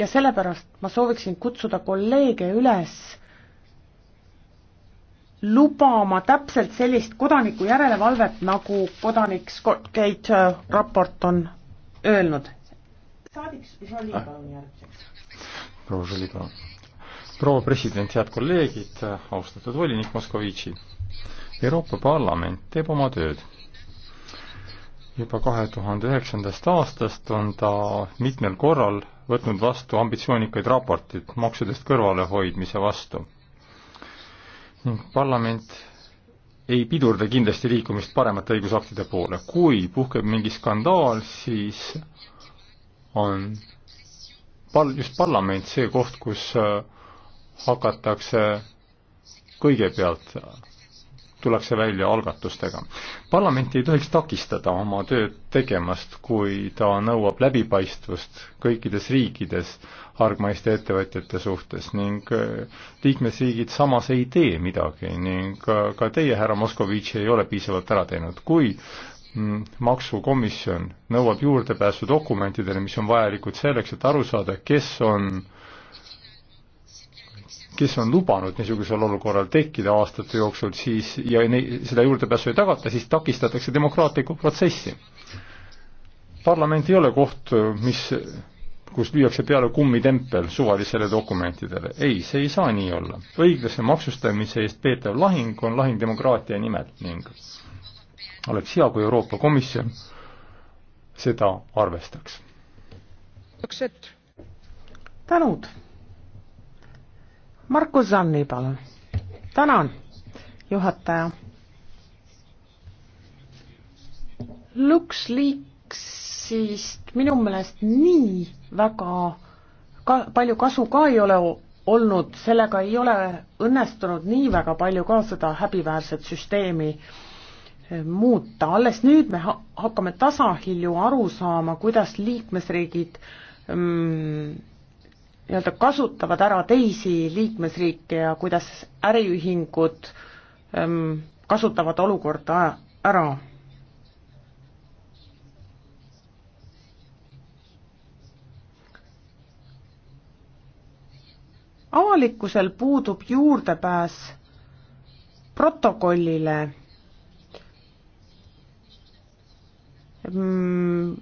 ja sellepärast ma sooviksin kutsuda kolleege üles lubama täpselt sellist kodaniku järelevalvet, nagu kodanik Scott Gate äh, raport on öelnud. saadik Jolie, palun järgmiseks proua Žuliga. proua president, head kolleegid, austatud volinik Moskovitši. Euroopa Parlament teeb oma tööd. juba kahe tuhande üheksandast aastast on ta mitmel korral võtnud vastu ambitsioonikaid raporteid maksudest kõrvalehoidmise vastu. ning parlament ei pidurda kindlasti liikumist paremate õigusaktide poole. kui puhkeb mingi skandaal, siis on pal-, just parlament see koht, kus äh, hakatakse kõigepealt, tullakse välja algatustega. parlament ei tohiks takistada oma tööd tegemast, kui ta nõuab läbipaistvust kõikides riikides hargmaiste ettevõtjate suhtes ning äh, liikmesriigid samas ei tee midagi ning äh, ka teie, härra Moskovitš, ei ole piisavalt ära teinud. kui Mm, maksukomisjon nõuab juurdepääsu dokumentidele, mis on vajalikud selleks, et aru saada, kes on, kes on lubanud niisugusel olukorral tekkida aastate jooksul, siis ja ne, seda juurdepääsu ei tagata, siis takistatakse demokraatlikku protsessi. parlament ei ole koht, mis, kus lüüakse peale kummitempel suvalisele dokumentidele. ei, see ei saa nii olla. õiglase maksustamise eest peetav lahing on lahing demokraatia nimel ning oleks hea, kui Euroopa Komisjon seda arvestaks. tänud. Markus Zanni, palun. tänan, juhataja. LuxLeaksist minu meelest nii väga ka palju kasu ka ei ole olnud, sellega ei ole õnnestunud nii väga palju ka seda häbiväärset süsteemi äh, muuta, alles nüüd me hakkame tasahilju aru saama, kuidas liikmesriigid mm, nii-öelda kasutavad ära teisi liikmesriike ja kuidas äriühingud öm, mm, kasutavad olukorda ära avalikkusel puudub juurdepääs protokollile Mm,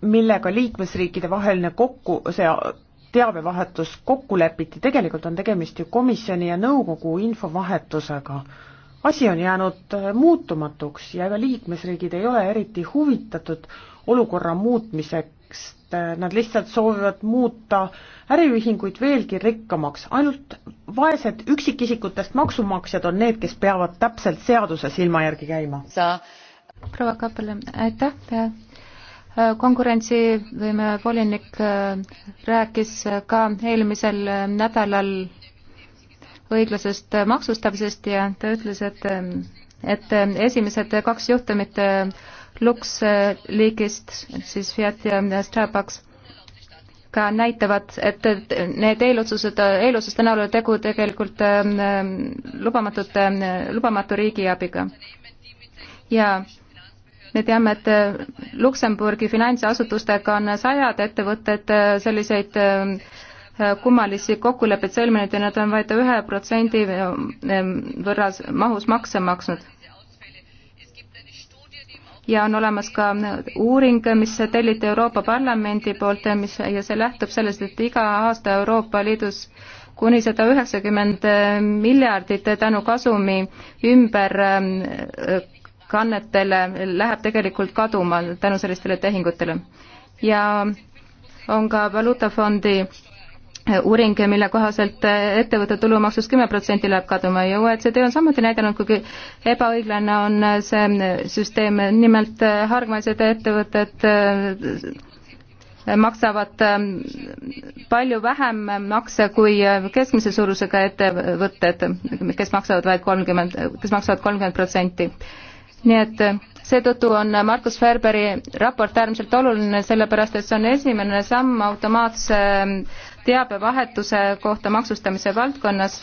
millega liikmesriikide vaheline kokku, see teabevahetus kokku lepiti, tegelikult on tegemist ju komisjoni ja nõukogu infovahetusega. asi on jäänud äh, muutumatuks ja ega liikmesriigid ei ole eriti huvitatud olukorra muutmiseks, äh, nad lihtsalt soovivad muuta äriühinguid veelgi rikkamaks, ainult vaesed üksikisikutest maksumaksjad on need, kes peavad täpselt seaduse silma järgi käima. sa proua Kappel, aitäh konkurentsivõime volinik äh, rääkis äh, ka eelmisel äh, nädalal õiglasest maksustamisest ja ta ütles, et, et esimesed kaks juhtumit LuxLeaksist, siis Fiat ja Starbucks, ka näitavad, et need eelotsused, eelotsuste näol on tegu tegelikult lubamatute, lubamatu riigiabiga. ja me teame, et äh, Luksemburgi finantsasutustega on sajad ettevõtted äh, selliseid äh, kummalisi kokkuleppeid sõlminud ja nad on vaid ühe protsendi võrras mahus makse maksnud. ja on olemas ka uuring, mis telliti Euroopa Parlamendi poolt, mis ja see lähtub sellest, et iga aasta Euroopa Liidus kuni sada üheksakümmend miljardit tänu kasumi ümber kannetele läheb tegelikult kaduma tänu sellistele tehingutele. ja on ka valuutafondi uuring, mille kohaselt ettevõtte tulumaksust kümme protsenti läheb kaduma ja OECD on samuti näidanud, kuigi ebaõiglane on see süsteem, nimelt hargmaised ettevõtted eh, maksavad eh, palju vähem makse kui keskmise suurusega ettevõtted, kes maksavad vaid kolmkümmend, kes maksavad kolmkümmend protsenti nii et eh, seetõttu on Markus Ferberi raport äärmiselt oluline, sellepärast et see on esimene samm automaatse mm, teabevahetuse kohta maksustamise valdkonnas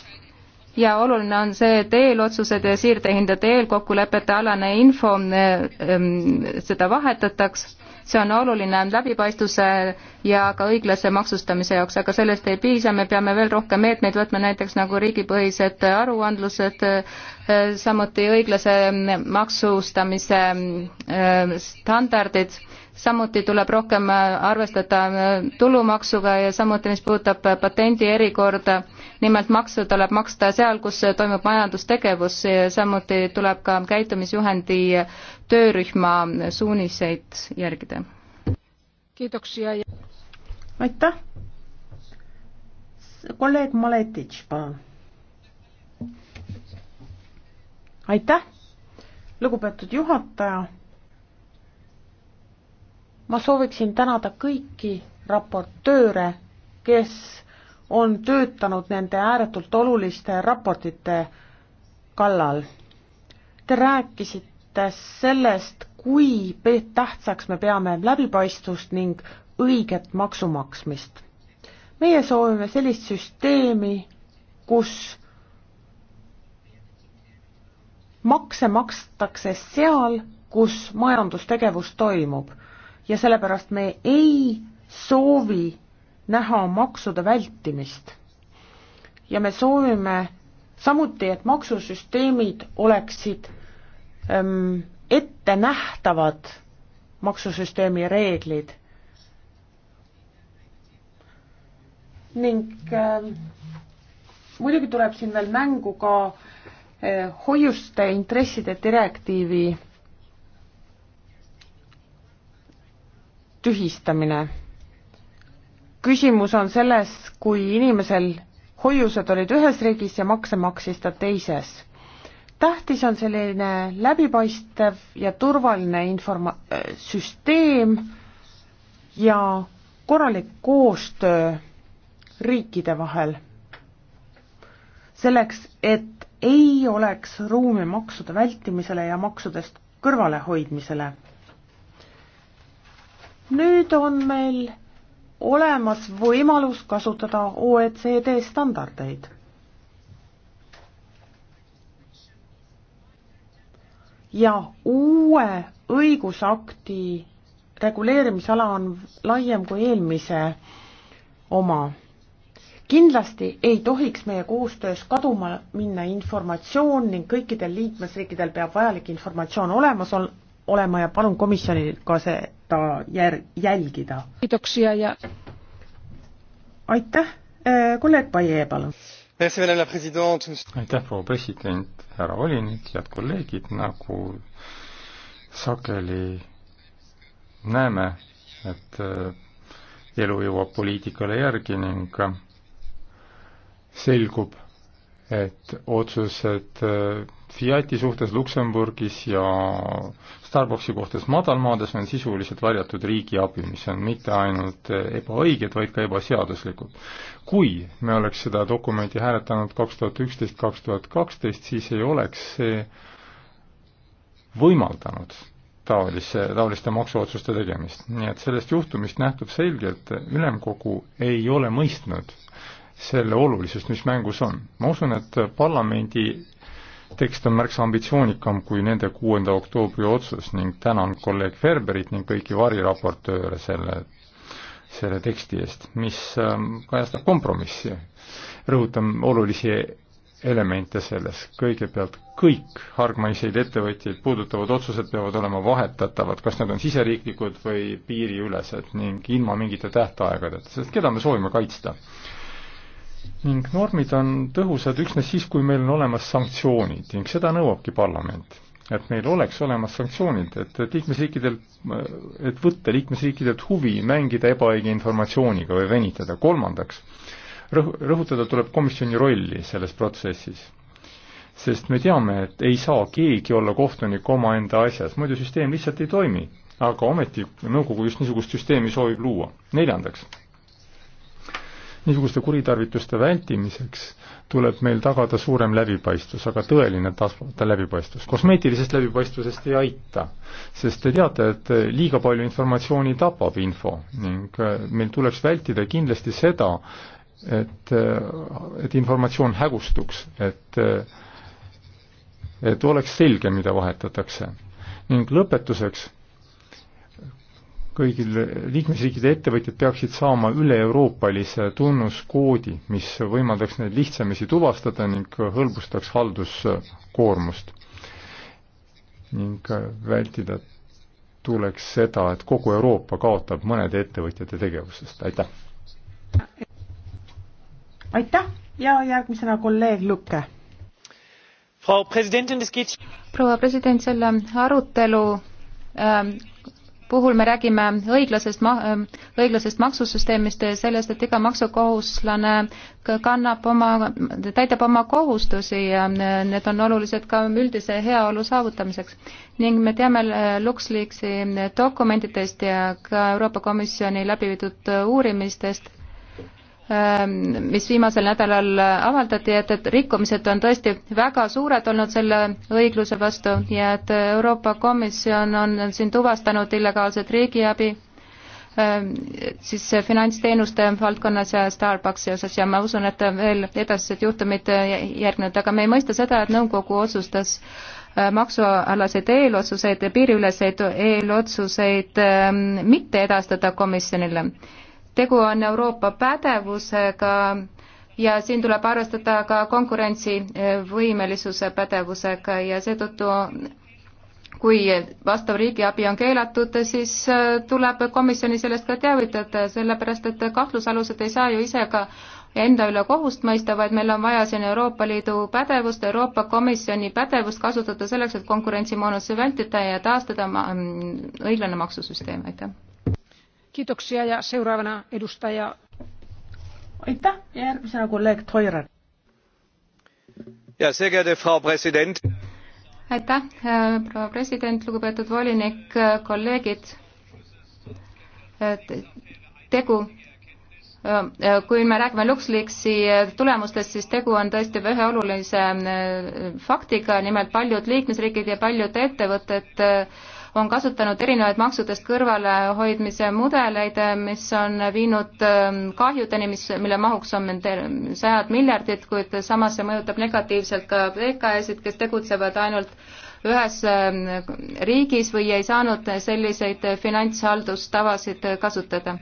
ja oluline on see, et eelotsused ja siirdehindade eelkokkulepete alane info, eh, ehm, seda vahetataks, see on oluline läbipaistvuse ja ka õiglase maksustamise jaoks, aga sellest ei piisa, me peame veel rohkem meetmeid võtma, näiteks nagu riigipõhised aruandlused, Äh, samuti õiglase maksustamise äh, standardid, samuti tuleb rohkem äh, arvestada tulumaksuga ja samuti, mis puudutab patendi erikorda, nimelt maksu tuleb maksta seal, kus toimub majandustegevus, samuti tuleb ka käitumisjuhendi töörühma suuniseid järgida. kiitoksia ja aitäh! kolleeg Maletitš, palun aitäh, lugupeetud juhataja. ma sooviksin tänada kõiki raportööre, kes on töötanud nende ääretult oluliste raportite kallal. Te rääkisite sellest, kui tähtsaks me peame läbipaistvust ning õiget maksumaksmist. meie soovime sellist süsteemi, kus makse makstakse seal, kus majandustegevus toimub ja sellepärast me ei soovi näha maksude vältimist. ja me soovime samuti, et maksusüsteemid oleksid ähm, ettenähtavad maksusüsteemi reeglid ning äh, muidugi tuleb siin veel mängu ka Eh, hoiuste intresside direktiivi tühistamine. küsimus on selles, kui inimesel hoiused olid ühes riigis ja makse maksis ta teises. tähtis on selline läbipaistev ja turvaline informa-, eh, süsteem ja korralik koostöö riikide vahel. selleks, et ei oleks ruumi maksude vältimisele ja maksudest kõrvalehoidmisele. nüüd on meil olemas võimalus kasutada OECD standardeid. ja uue õigusakti reguleerimisala on laiem kui eelmise oma kindlasti ei tohiks meie koostöös kaduma minna informatsioon ning kõikidel liikmesriikidel peab vajalik informatsioon olemas ol olema ja palun komisjonil ka seda jär-, jälgida. kiitoksia ja aitäh, äh, kolleeg Paie, palun. aitäh, proua president, härra volinik, head kolleegid, nagu sageli näeme, et äh, elu jõuab poliitikale järgi ning äh, selgub, et otsused äh, Fiati suhtes Luksemburgis ja Starbucksi kohtas madalmaades on sisuliselt varjatud riigiabi, mis on mitte ainult äh, ebaõiged, vaid ka ebaseaduslikud. kui me oleks seda dokumenti hääletanud kaks tuhat üksteist, kaks tuhat kaksteist, siis ei oleks see võimaldanud taolise, taoliste maksuotsuste tegemist. nii et sellest juhtumist nähtub selgelt, ülemkogu ei ole mõistnud selle olulisust, mis mängus on. ma usun, et parlamendi tekst on märksa ambitsioonikam kui nende kuuenda oktoobri otsus ning tänan kolleeg Ferberit ning kõiki variraportööre selle, selle teksti eest, mis ähm, kajastab kompromissi. rõhutan olulisi elemente selles, kõigepealt kõik hargmaiseid ettevõtjaid puudutavad otsused peavad olema vahetatavad, kas need on siseriiklikud või piiriülesed ning ilma mingite tähtaegadeta, sest keda me soovime kaitsta ning normid on tõhusad üksnes siis, kui meil on olemas sanktsioonid ning seda nõuabki parlament. et meil oleks olemas sanktsioonid, et liikmesriikidel, et võtta liikmesriikidelt huvi mängida ebaõige informatsiooniga või venitada. kolmandaks, rõhu-, rõhutada tuleb komisjoni rolli selles protsessis. sest me teame, et ei saa keegi olla kohtunik omaenda asjas, muidu süsteem lihtsalt ei toimi. aga ometi nõukogu just niisugust süsteemi soovib luua. neljandaks niisuguste kuritarvituste vältimiseks tuleb meil tagada suurem läbipaistvus, aga tõeline tasapata läbipaistvus. kosmeetilisest läbipaistvusest ei aita, sest te teate, et liiga palju informatsiooni tapab info ning äh, meil tuleks vältida kindlasti seda, et, äh, et informatsioon hägustuks, et, äh, et oleks selge, mida vahetatakse. ning lõpetuseks kõigil liikmesriikide ettevõtjad peaksid saama üle-euroopalise tunnuskoodi, mis võimaldaks neid lihtsamisi tuvastada ning hõlbustaks halduskoormust. ning vältida tuleks seda, et kogu Euroopa kaotab mõnede ettevõtjate tegevusest, aitäh! aitäh ja järgmisena kolleeg Lukke. proua president, selle arutelu ähm, puhul me räägime õiglasest ma-, õiglasest maksusüsteemist, sellest, et iga maksukohuslane kannab oma, täidab oma kohustusi ja need on olulised ka üldise heaolu saavutamiseks. ning me teame LuxLeaksi dokumentidest ja ka Euroopa Komisjoni läbi viidud uurimistest, Ähm, mis viimasel nädalal avaldati, et, et rikkumised on tõesti väga suured olnud selle õigluse vastu ja et Euroopa Komisjon on siin tuvastanud illegaalset riigiabi ähm, siis finantsteenuste valdkonnas ja Starbucksi osas ja ma usun, et veel edasised juhtumid järgnevad, aga me ei mõista seda, et nõukogu otsustas äh, maksualaseid eelotsuseid ja piiriüleseid eelotsuseid ähm, mitte edastada komisjonile tegu on Euroopa pädevusega ja siin tuleb arvestada ka konkurentsivõimelisuse pädevusega ja seetõttu kui vastav riigiabi on keelatud, siis äh, tuleb komisjoni sellest ka teavitada, sellepärast et kahtlusalused ei saa ju ise ka enda üle kohust mõista, vaid meil on vaja siin Euroopa Liidu pädevust, Euroopa Komisjoni pädevust kasutada selleks, et konkurentsimoonusse vältida ja taastada ma-, õiglane maksusüsteem, aitäh. Kiitoksia ja seuraavana edustaja. Aitäh ja järgmisena kolleeg Toirer. Ja sehr geehrte Frau Präsident. aitäh, äh, proua president, lugupeetud volinik, äh, kolleegid. Äh, tegu kui me räägime LuxLeaksi tulemustest, siis tegu on tõesti ühe olulise faktiga, nimelt paljud liikmesriigid ja paljud ettevõtted et on kasutanud erinevaid maksudest kõrvalehoidmise mudeleid, mis on viinud ähm, kahjudeni, mis, mille mahuks on sajad miljardid, kuid samas see mõjutab negatiivselt ka VKS-id, kes tegutsevad ainult ühes ähm, riigis või ei saanud selliseid finantshaldustavasid kasutada.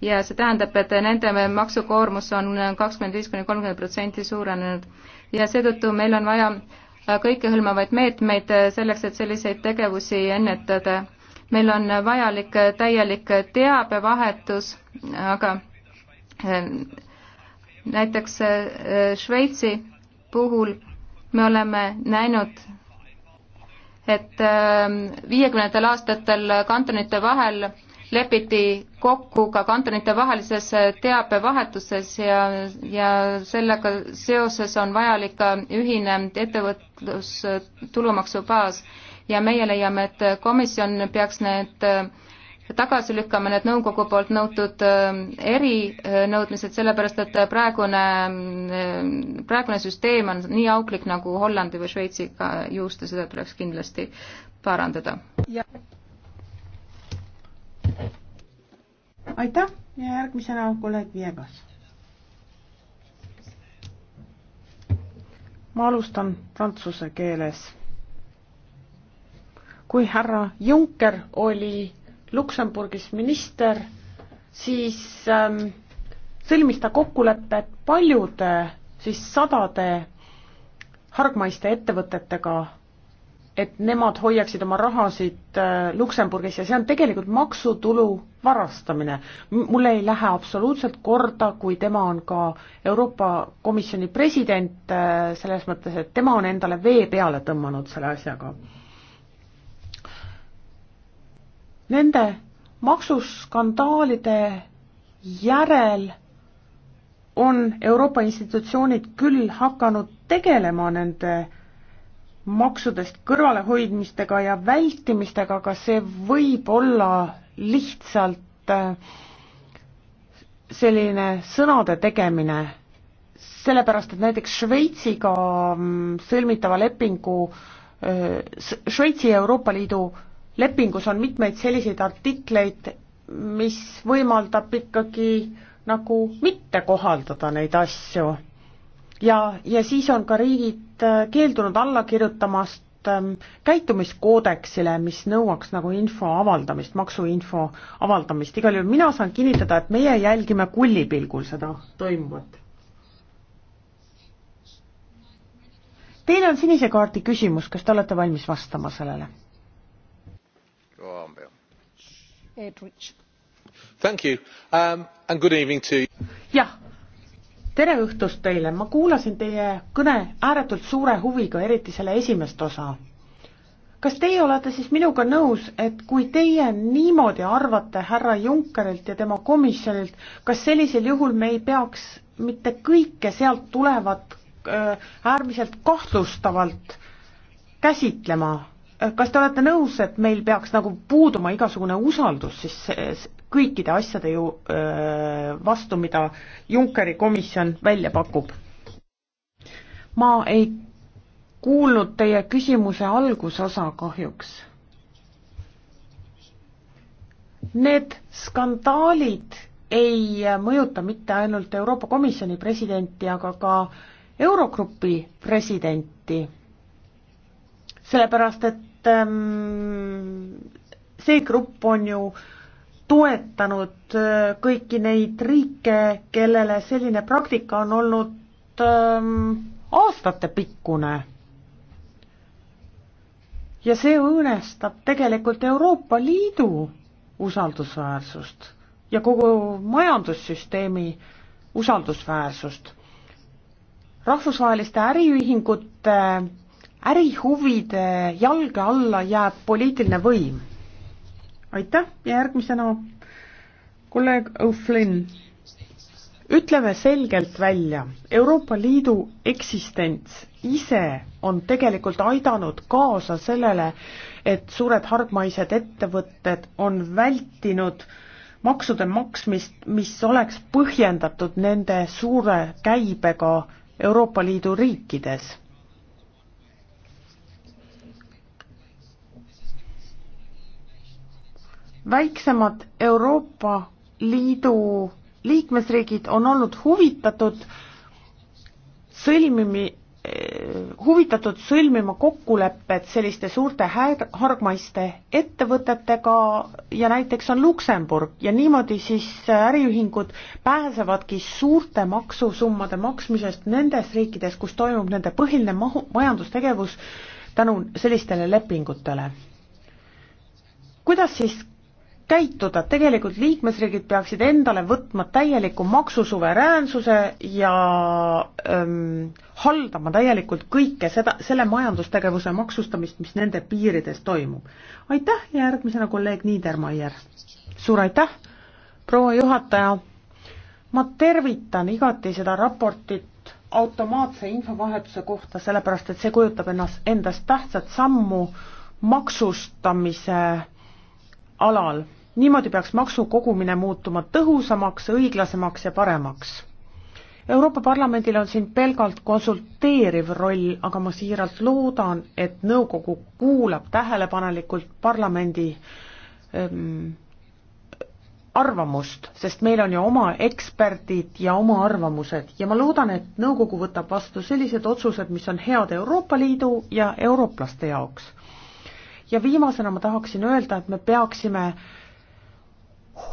ja see tähendab, et nende maksukoormus on kakskümmend viis kuni kolmkümmend protsenti suurenenud ja seetõttu meil on vaja Äh, kõikehõlmavaid meetmeid äh, selleks, et selliseid tegevusi ennetada. meil on vajalik äh, täielik teabevahetus, aga näiteks Šveitsi puhul me oleme näinud, et viiekümnendatel aastatel kantonite vahel lepiti kokku ka kantonite vahelises teabevahetuses ja, ja sellega seoses on vajalik ka ühine ettevõtlus tulumaksubaas ja meie leiame, et komisjon peaks need tagasi lükkama need nõukogu poolt nõutud äh, erinõudmised, sellepärast et praegune, äh, praegune süsteem on nii auklik nagu Hollandi või Šveitsi juust ja seda tuleks kindlasti parandada. aitäh ja järgmisena kolleeg Viegas. ma alustan prantsuse keeles. kui härra Juncker oli Luksemburgis minister, siis ähm, sõlmis ta kokkulepped paljude, siis sadade hargmaiste ettevõtetega et nemad hoiaksid oma rahasid äh, Luksemburgis ja see on tegelikult maksutulu varastamine. mulle ei lähe absoluutselt korda, kui tema on ka Euroopa Komisjoni president, äh, selles mõttes, et tema on endale vee peale tõmmanud selle asjaga. Nende maksuskandaalide järel on Euroopa institutsioonid küll hakanud tegelema nende maksudest kõrvalehoidmistega ja vältimistega, aga see võib olla lihtsalt äh, selline sõnade tegemine, sellepärast et näiteks Šveitsiga mm, sõlmitava lepingu, äh, Šveitsi ja Euroopa Liidu lepingus on mitmeid selliseid artikleid, mis võimaldab ikkagi nagu mitte kohaldada neid asju ja, ja siis on ka riigid äh, keeldunud alla kirjutamast ähm, käitumiskoodeksile, mis nõuaks nagu info avaldamist, maksuinfo avaldamist, igal juhul mina saan kinnitada, et meie jälgime kullipilgul seda toimuvat. Teil on sinise kaardi küsimus, kas te olete valmis vastama sellele? Um, jah, tere õhtust teile, ma kuulasin teie kõne ääretult suure huviga, eriti selle esimest osa. kas teie olete siis minuga nõus, et kui teie niimoodi arvate härra Junckerilt ja tema komisjonilt, kas sellisel juhul me ei peaks mitte kõike sealt tulevat äh, äärmiselt kahtlustavalt käsitlema kas te olete nõus, et meil peaks nagu puuduma igasugune usaldus siis kõikide asjade ju öö, vastu, mida Junckeri komisjon välja pakub? ma ei kuulnud teie küsimuse algusosa kahjuks. Need skandaalid ei mõjuta mitte ainult Euroopa Komisjoni presidenti, aga ka Eurogrupi presidenti, sellepärast et Ehm, see grupp on ju toetanud äh, kõiki neid riike, kellele selline praktika on olnud ehm, aastatepikkune. ja see õõnestab tegelikult Euroopa Liidu usaldusväärsust ja kogu majandussüsteemi usaldusväärsust. rahvusvaheliste äriühingute ärihuvide jalge alla jääb poliitiline võim. aitäh ja järgmisena kolleeg O'Flynn. ütleme selgelt välja, Euroopa Liidu eksistents ise on tegelikult aidanud kaasa sellele, et suured hargmaised ettevõtted on vältinud maksude maksmist, mis oleks põhjendatud nende suure käibega Euroopa Liidu riikides väiksemad Euroopa Liidu liikmesriigid on olnud huvitatud sõlmimi, huvitatud sõlmima kokkulepped selliste suurte hargmaiste ettevõtetega ja näiteks on Luksemburg ja niimoodi siis äriühingud pääsevadki suurte maksusummade maksmisest nendes riikides, kus toimub nende põhiline mahu, majandustegevus tänu sellistele lepingutele. kuidas siis käituda, tegelikult liikmesriigid peaksid endale võtma täieliku maksusuveräänsuse ja ähm, haldama täielikult kõike seda, selle majandustegevuse maksustamist, mis nende piirides toimub. aitäh ja järgmisena kolleeg Niedermaier. suur aitäh, proua juhataja, ma tervitan igati seda raportit automaatse infovahetuse kohta, sellepärast et see kujutab ennast, endast tähtsat sammu maksustamise alal. niimoodi peaks maksukogumine muutuma tõhusamaks, õiglasemaks ja paremaks. Euroopa Parlamendil on siin pelgalt konsulteeriv roll, aga ma siiralt loodan, et nõukogu kuulab tähelepanelikult parlamendi ähm, arvamust, sest meil on ju oma eksperdid ja oma arvamused ja ma loodan, et nõukogu võtab vastu sellised otsused, mis on head Euroopa Liidu ja eurooplaste jaoks ja viimasena ma tahaksin öelda, et me peaksime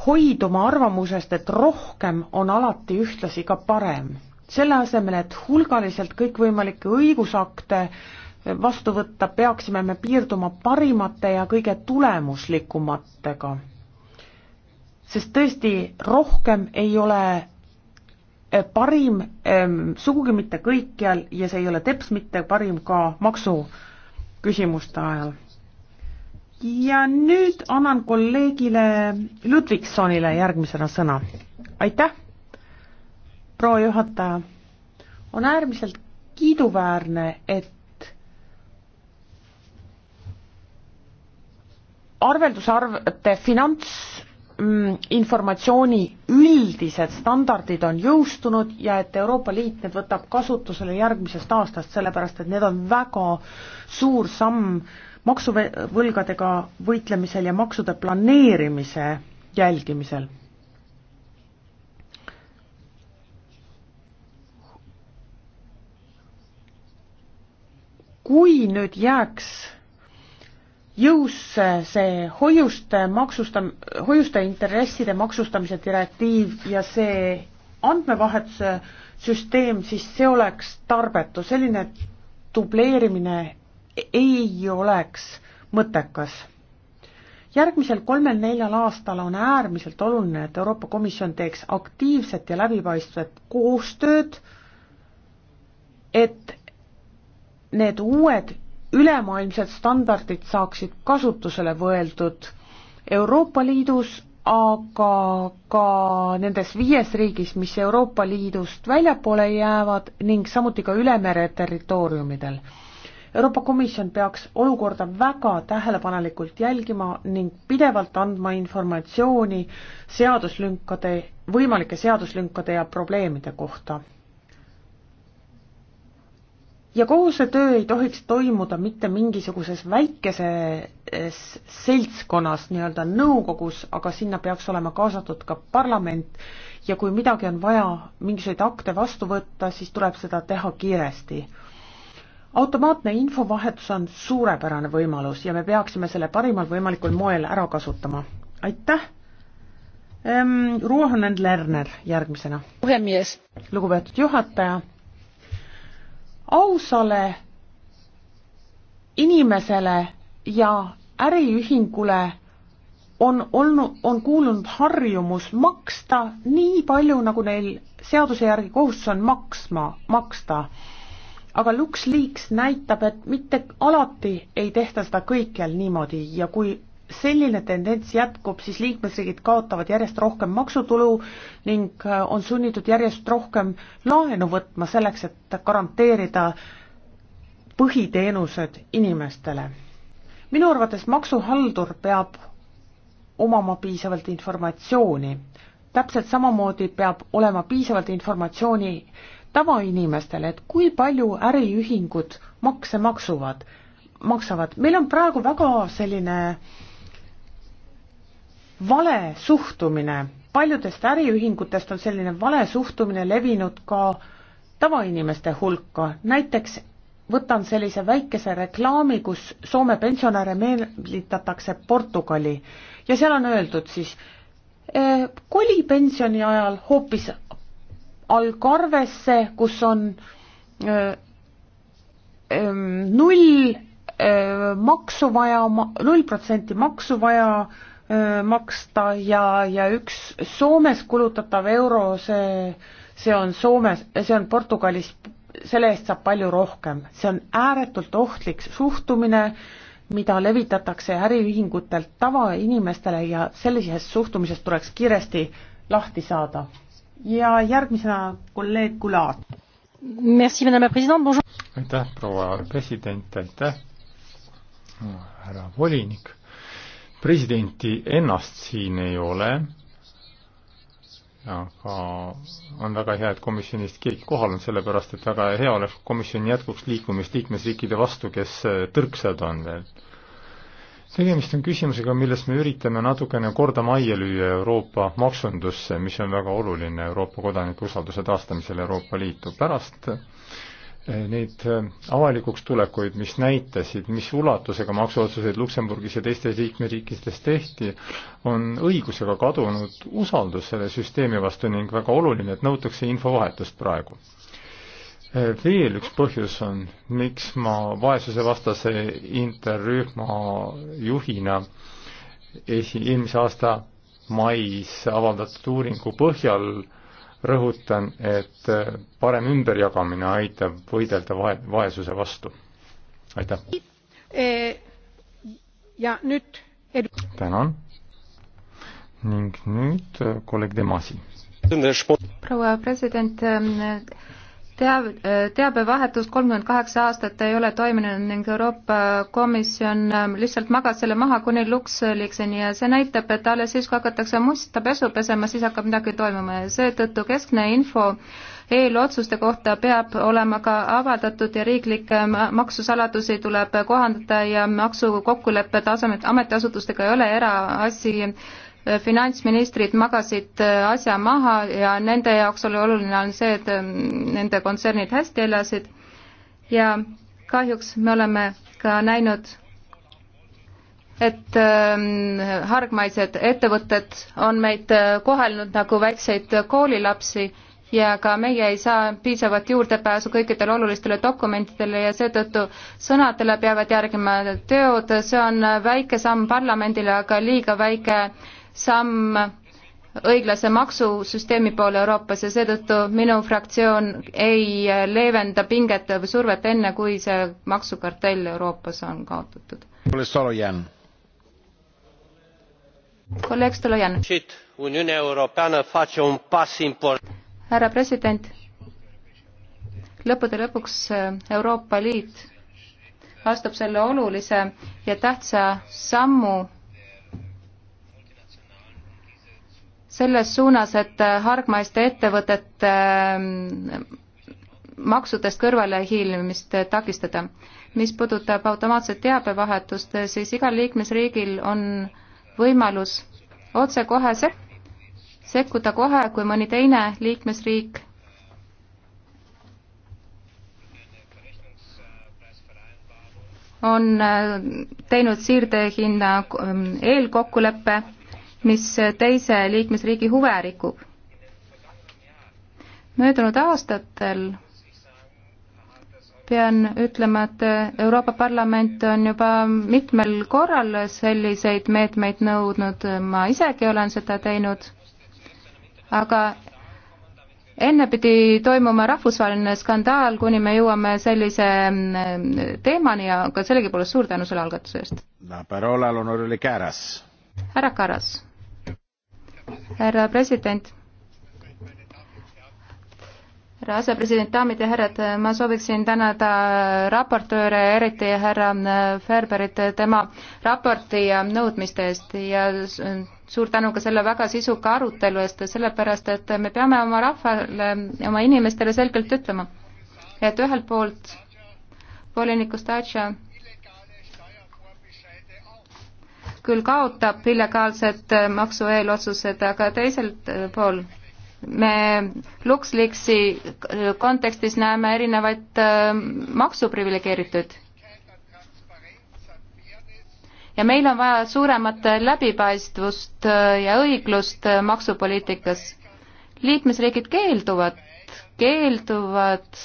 hoiduma arvamusest, et rohkem on alati ühtlasi ka parem. selle asemel, et hulgaliselt kõikvõimalikke õigusakte vastu võtta, peaksime me piirduma parimate ja kõige tulemuslikumatega. sest tõesti, rohkem ei ole e, parim e, sugugi mitte kõikjal ja see ei ole teps mitte parim ka maksuküsimuste ajal ja nüüd annan kolleegile Ludvigsonile järgmisena sõna. aitäh, proua juhataja. on äärmiselt kiiduväärne, et arveldusarvete finantsinformatsiooni mm, üldised standardid on jõustunud ja et Euroopa Liit need võtab kasutusele järgmisest aastast, sellepärast et need on väga suur samm äh, maksuvõlgadega võitlemisel ja maksude planeerimise jälgimisel. kui nüüd jääks jõusse see hoiuste maksustam-, hoiuste intresside maksustamise direktiiv ja see andmevahetuse süsteem, siis see oleks tarbetu, selline dubleerimine ei oleks mõttekas. järgmisel kolmel-neljal aastal on äärmiselt oluline, et Euroopa Komisjon teeks aktiivset ja läbipaistvat koostööd, et need uued ülemaailmsed standardid saaksid kasutusele võeldud Euroopa Liidus, aga ka nendes viies riigis, mis Euroopa Liidust väljapoole jäävad ning samuti ka ülemere territooriumidel Euroopa Komisjon peaks olukorda väga tähelepanelikult jälgima ning pidevalt andma informatsiooni seaduslünkade, võimalike seaduslünkade ja probleemide kohta. ja kogu see töö ei tohiks toimuda mitte mingisuguses väikeses seltskonnas nii-öelda nõukogus, aga sinna peaks olema kaasatud ka parlament ja kui midagi on vaja, mingisuguseid akte vastu võtta, siis tuleb seda teha kiiresti automaatne infovahetus on suurepärane võimalus ja me peaksime selle parimal võimalikul moel ära kasutama. aitäh ehm,! Ruohonen Lerner järgmisena. puhemees. lugupeetud juhataja, ausale inimesele ja äriühingule on olnud, on kuulunud harjumus maksta nii palju, nagu neil seaduse järgi kohustus on maksma, maksta aga LuxLeaks näitab, et mitte alati ei tehta seda kõikjal niimoodi ja kui selline tendents jätkub, siis liikmesriigid kaotavad järjest rohkem maksutulu ning äh, on sunnitud järjest rohkem laenu võtma selleks, et garanteerida põhiteenused inimestele. minu arvates maksuhaldur peab omama piisavalt informatsiooni. täpselt samamoodi peab olema piisavalt informatsiooni tavainimestele, et kui palju äriühingud makse maksuvad, maksavad, meil on praegu väga selline vale suhtumine, paljudest äriühingutest on selline vale suhtumine levinud ka tavainimeste hulka, näiteks võtan sellise väikese reklaami, kus Soome pensionäre meelitatakse Portugali ja seal on öeldud siis, eh, koli pensioni ajal hoopis Algarvesse, kus on öö, öö, null öö, maksu vaja, null protsenti maksu vaja öö, maksta ja, ja üks Soomes kulutatav euro, see, see on Soomes, see on Portugalis, selle eest saab palju rohkem, see on ääretult ohtlik suhtumine mida levitatakse äriühingutelt tavainimestele ja sellisest suhtumisest tuleks kiiresti lahti saada ja järgmisena kolleeg Gulat. aitäh, proua president, aitäh, härra volinik. presidenti ennast siin ei ole, aga on väga hea, et komisjonist keegi kohal on, sellepärast et väga hea oleks, kui komisjon jätkuks liikumist liikmesriikide vastu, kes eh, tõrksad on veel tegemist on küsimusega, milles me üritame natukene korda majja lüüa Euroopa maksundusse, mis on väga oluline Euroopa kodanike usalduse taastamisel Euroopa Liitu. pärast eh, neid eh, avalikuks tulekuid, mis näitasid, mis ulatusega maksuotsuseid Luksemburgis ja teistes liikmeriikides tehti, on õigusega kadunud usaldus selle süsteemi vastu ning väga oluline, et nõutakse infovahetust praegu veel üks põhjus on, miks ma vaesusevastase interrühma juhina esi-, eelmise aasta mais avaldatud uuringu põhjal rõhutan, et parem ümberjagamine aitab võidelda vae-, vaesuse vastu. aitäh! E, ja nüüd edu! tänan! ning nüüd kolleeg Demasi. proua president, teav-, teabevahetus kolmkümmend kaheksa aastat ei ole toiminud ning Euroopa Komisjon ähm, lihtsalt magas selle maha kuni Luxleakseni ja see näitab, et alles siis, kui hakatakse musta pesu pesema, siis hakkab midagi toimuma ja seetõttu keskne info eelotsuste kohta peab olema ka avaldatud ja riiklikke maksusaladusi tuleb kohandada ja maksukokkulepped asemed ametiasutustega ei ole eraasi finantsministrid magasid äh, asja maha ja nende jaoks oli oluline on see, et ähm, nende kontsernid hästi elasid ja kahjuks me oleme ka näinud, et ähm, hargmaised ettevõtted on meid äh, kohelnud nagu väikseid koolilapsi ja ka meie ei saa piisavat juurdepääsu kõikidele olulistele dokumentidele ja seetõttu sõnadele peavad järgima teod, see on väike samm parlamendile, aga liiga väike äh, samm õiglase maksusüsteemi poole Euroopas ja seetõttu minu fraktsioon ei leevenda pinget või survet enne, kui see maksukartell Euroopas on kaotatud. kolleeg Stolojan. härra president, lõppude lõpuks eh, Euroopa Liit astub selle olulise ja tähtsa sammu selles suunas, et hargmaiste ettevõtete ähm, maksudest kõrvalehiilimist takistada. mis puudutab automaatset teabevahetust, siis igal liikmesriigil on võimalus otsekohe sek-, sekkuda kohe, kui mõni teine liikmesriik on äh, teinud siirdehinna ähm, eelkokkuleppe mis teise liikmesriigi huve rikub. möödunud aastatel pean ütlema, et Euroopa Parlament on juba mitmel korral selliseid meetmeid nõudnud, ma isegi olen seda teinud, aga enne pidi toimuma rahvusvaheline skandaal, kuni me jõuame sellise mm, teemani, aga sellegipoolest suur tänu selle algatuse eest. härra Karas härra president, härra asepresident, daamid ja härrad, ma sooviksin tänada raportööre, eriti härra Ferberit tema raporti ja nõudmiste eest ja suur tänu ka selle väga sisuka arutelu eest, sellepärast et me peame oma rahvale, oma inimestele selgelt ütlema, et ühelt poolt volinik Ustatša küll kaotab illegaalsed äh, maksu eelotsused, aga teiselt äh, pool me LuxLeaksi äh, kontekstis näeme erinevaid maksu priviligeerituid. ja meil on vaja suuremat läbipaistvust ja õiglust maksupoliitikas. liikmesriigid keelduvad, keelduvad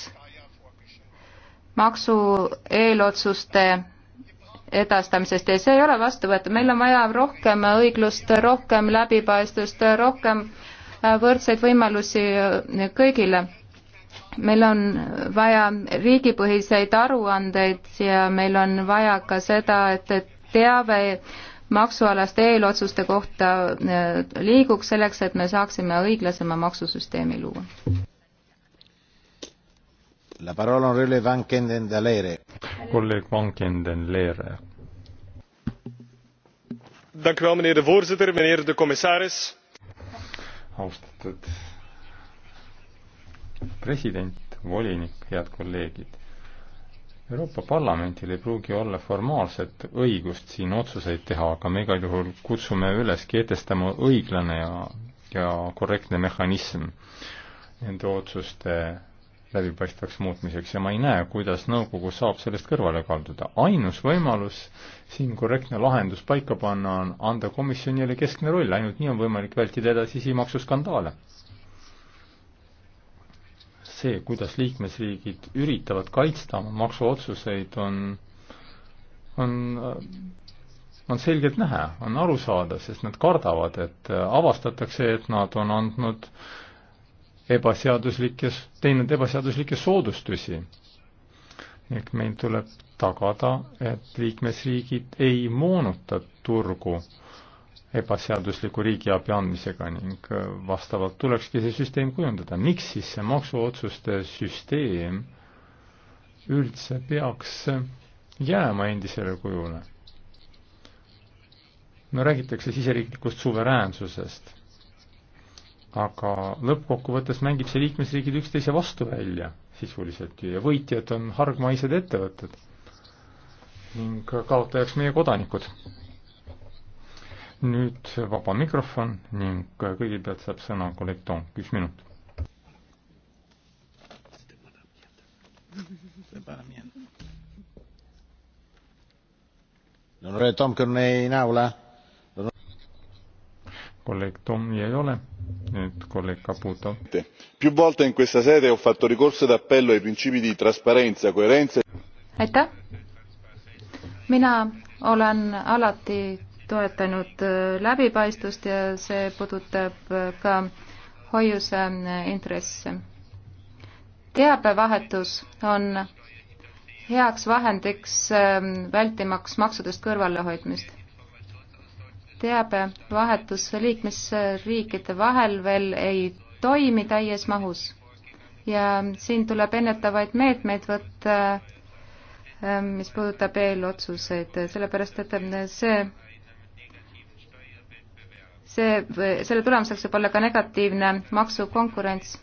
maksu eelotsuste edastamisest ja see ei ole vastuvõetav, meil on vaja rohkem õiglust, rohkem läbipaistvust, rohkem äh, võrdseid võimalusi äh, kõigile. meil on vaja riigipõhiseid aruandeid ja meil on vaja ka seda, et teave maksualaste eelotsuste kohta äh, liiguks selleks, et me saaksime õiglasema maksusüsteemi luua. La parola onorevole Van Kenden Dalere. Collega Van Kenden Lere. Dank u wel, meneer de voorzitter, meneer de commissaris. Austatud president, volinik, head kolleegid. Euroopa Parlamentil ei pruugi olla formaalset õigust siin otsuseid teha, aga me igal juhul kutsume üles kehtestama õiglane ja, ja korrektne mehhanism nende otsuste läbipaistvaks muutmiseks ja ma ei näe, kuidas nõukogu saab sellest kõrvale kalduda. ainus võimalus siin korrektne lahendus paika panna on anda komisjonile keskne roll, ainult nii on võimalik vältida edasisi maksuskandaale. see, kuidas liikmesriigid üritavad kaitsta oma maksuotsuseid, on, on on selgelt näha, on aru saada, sest nad kardavad, et avastatakse, et nad on andnud äh, ebaseaduslikke, teinud ebaseaduslikke soodustusi. ehk meil tuleb tagada, et liikmesriigid ei moonuta turgu ebaseadusliku riigiabi andmisega ning äh, vastavalt tulekski see süsteem kujundada. miks siis see maksuotsuste süsteem üldse peaks äh, jääma endisele kujule? no räägitakse siseriiklikust suveräänsusest aga lõppkokkuvõttes mängib see liikmesriigid üksteise vastu välja sisuliselt ju ja võitjad on hargmaised ettevõtted ning kaotajaks meie kodanikud. nüüd vaba mikrofon ning kõigepealt saab sõna kolleeg Toom, üks minut. kolleeg Toom ei ole più volte in questa sede ho fatto ricorso d'appello ai principi di trasparenza coerenza. E aitäh mina olen alati toetanud äh, läbipaistvust ja see puudutab äh, ka hoiuse äh, intresse. teabevahetus on heaks vahendiks vältimaks maksudest kõrvalehoidmist teabevahetus liikmesriikide vahel veel ei toimi täies mahus ja siin tuleb ennetavaid meetmeid võtta, ähm, mis puudutab eelotsuseid, sellepärast et ähm, see, see, selle tulemuseks võib olla ka negatiivne maksukonkurents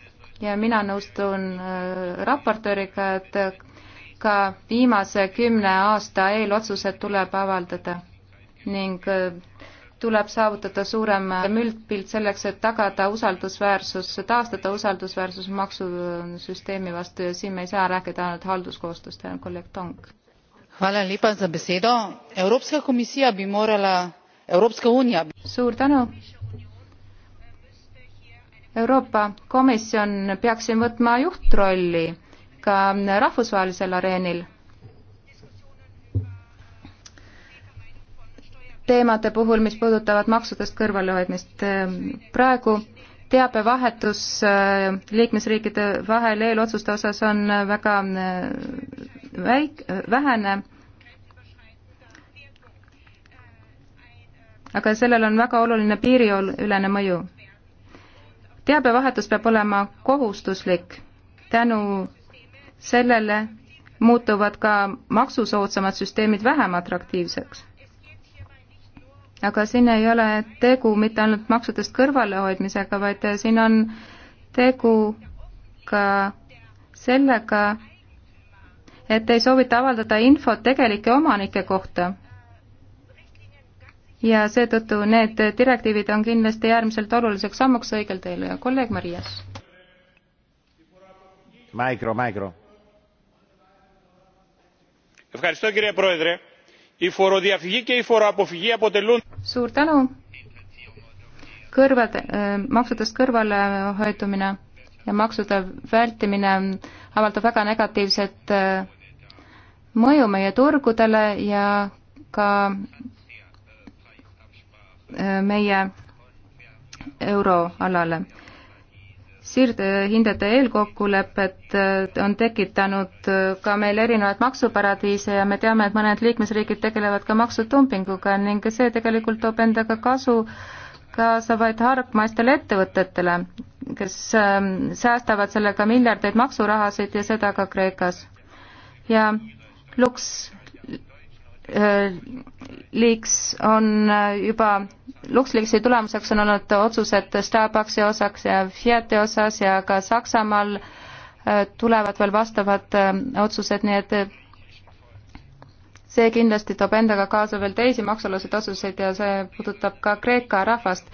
ja mina nõustun äh, raportööriga, et ka viimase kümne aasta eelotsused tuleb avaldada ning äh, tuleb saavutada suurem üldpilt selleks, et tagada usaldusväärsus, taastada usaldusväärsus maksusüsteemi vastu ja siin me ei saa rääkida ainult halduskoostööst, ainult kolleeg Tong. Evropska komisija bi morala, Evropska unija. suur tänu. Euroopa Komisjon peaks siin võtma juhtrolli ka rahvusvahelisel areenil teemade puhul, mis puudutavad maksudest kõrvalehoidmist. praegu teabevahetus äh, liikmesriikide vahel eelotsuste osas on äh, väga äh, väik-, vähene, aga sellel on väga oluline piiriülene mõju. teabevahetus peab olema kohustuslik. tänu sellele muutuvad ka maksusoodsamad süsteemid vähem atraktiivseks aga siin ei ole tegu mitte ainult maksudest kõrvalehoidmisega, vaid siin on tegu ka sellega, et ei soovita avaldada infot tegelike omanike kohta. ja seetõttu need direktiivid on kindlasti äärmiselt oluliseks sammuks õigel teel ja kolleeg Marias. Maigro, Maigro. Η φοροδιαφυγή και η φοροαποφυγή αποτελούν... Suur tänu. Kõrvad, äh, maksudest kõrvalehoitumine ja maksude vältimine avaldab väga negatiivset äh, mõju meie turgudele ja ka äh, meie euroalale siirdehindade eelkokkulepet äh, on tekitanud äh, ka meil erinevaid maksuparadiise ja me teame, et mõned liikmesriigid tegelevad ka maksutumpinguga ning see tegelikult toob endaga kasu kaasa vaid hargmaistele ettevõtetele, kes ähm, säästavad sellega miljardeid maksurahasid ja seda ka Kreekas. ja Lux äh, Leaks on juba LuxLeaksi tulemuseks on olnud otsused Starbucksi osaks ja Fiati osas ja ka Saksamaal äh, tulevad veel vastavad äh, otsused, nii et äh, see kindlasti toob endaga kaasa veel teisi maksualuseid otsuseid ja see puudutab ka Kreeka rahvast.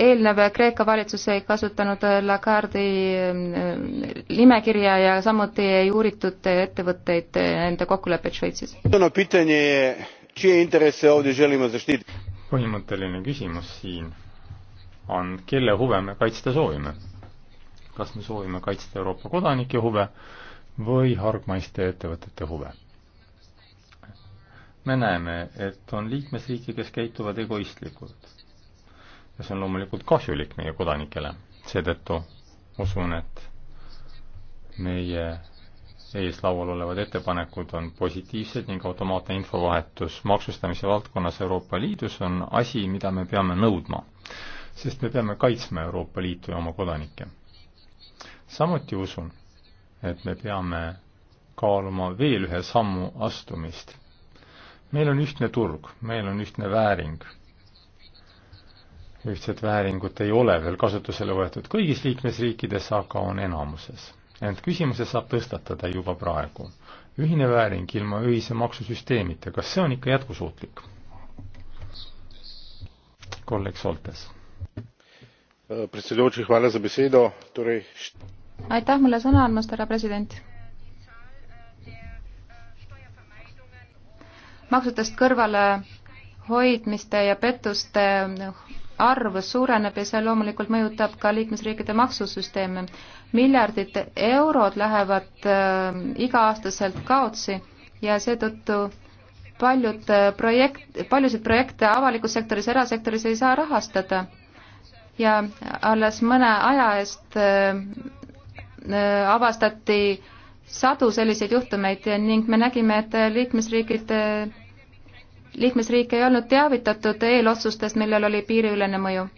eelnev Kreeka valitsus ei kasutanud Lagarde'i nimekirja ja samuti ei uuritud ettevõtteid, nende kokkuleppeid Šveitsis čije interese ovdje želimo zaštititi? põhimõtteline küsimus siin on, kelle huve me kaitsta soovime? kas me soovime kaitsta Euroopa kodanike huve või hargmaiste ettevõtete huve? me näeme, et on liikmesriike, kes käituvad egoistlikult. ja see on loomulikult kahjulik meie kodanikele. seetõttu usun, et meie ees laual olevad ettepanekud on positiivsed ning automaatne infovahetus maksustamise valdkonnas Euroopa Liidus on asi, mida me peame nõudma, sest me peame kaitsma Euroopa Liitu ja oma kodanikke. samuti usun, et me peame kaaluma veel ühe sammu astumist. meil on ühtne turg, meil on ühtne vääring. ühtset vääringut ei ole veel kasutusele võetud kõigis liikmesriikides, aga on enamuses ent küsimuse saab tõstatada juba praegu. ühine vääring ilma ühise maksusüsteemita, kas see on ikka jätkusuutlik? kolleeg Soltes. aitäh mulle sõna andmast, härra president. maksudest kõrvalehoidmiste ja pettuste arv suureneb ja see loomulikult mõjutab ka liikmesriikide maksusüsteeme. miljardid eurod lähevad äh, iga-aastaselt kaotsi ja seetõttu paljud äh, projekt, paljusid projekte avalikus sektoris, erasektoris ei saa rahastada. ja alles mõne aja eest äh, äh avastati sadu selliseid juhtumeid ning me nägime, et liikmesriigid äh, liikmesriike ei olnud teavitatud eelotsustest, millel oli piiriülene mõju.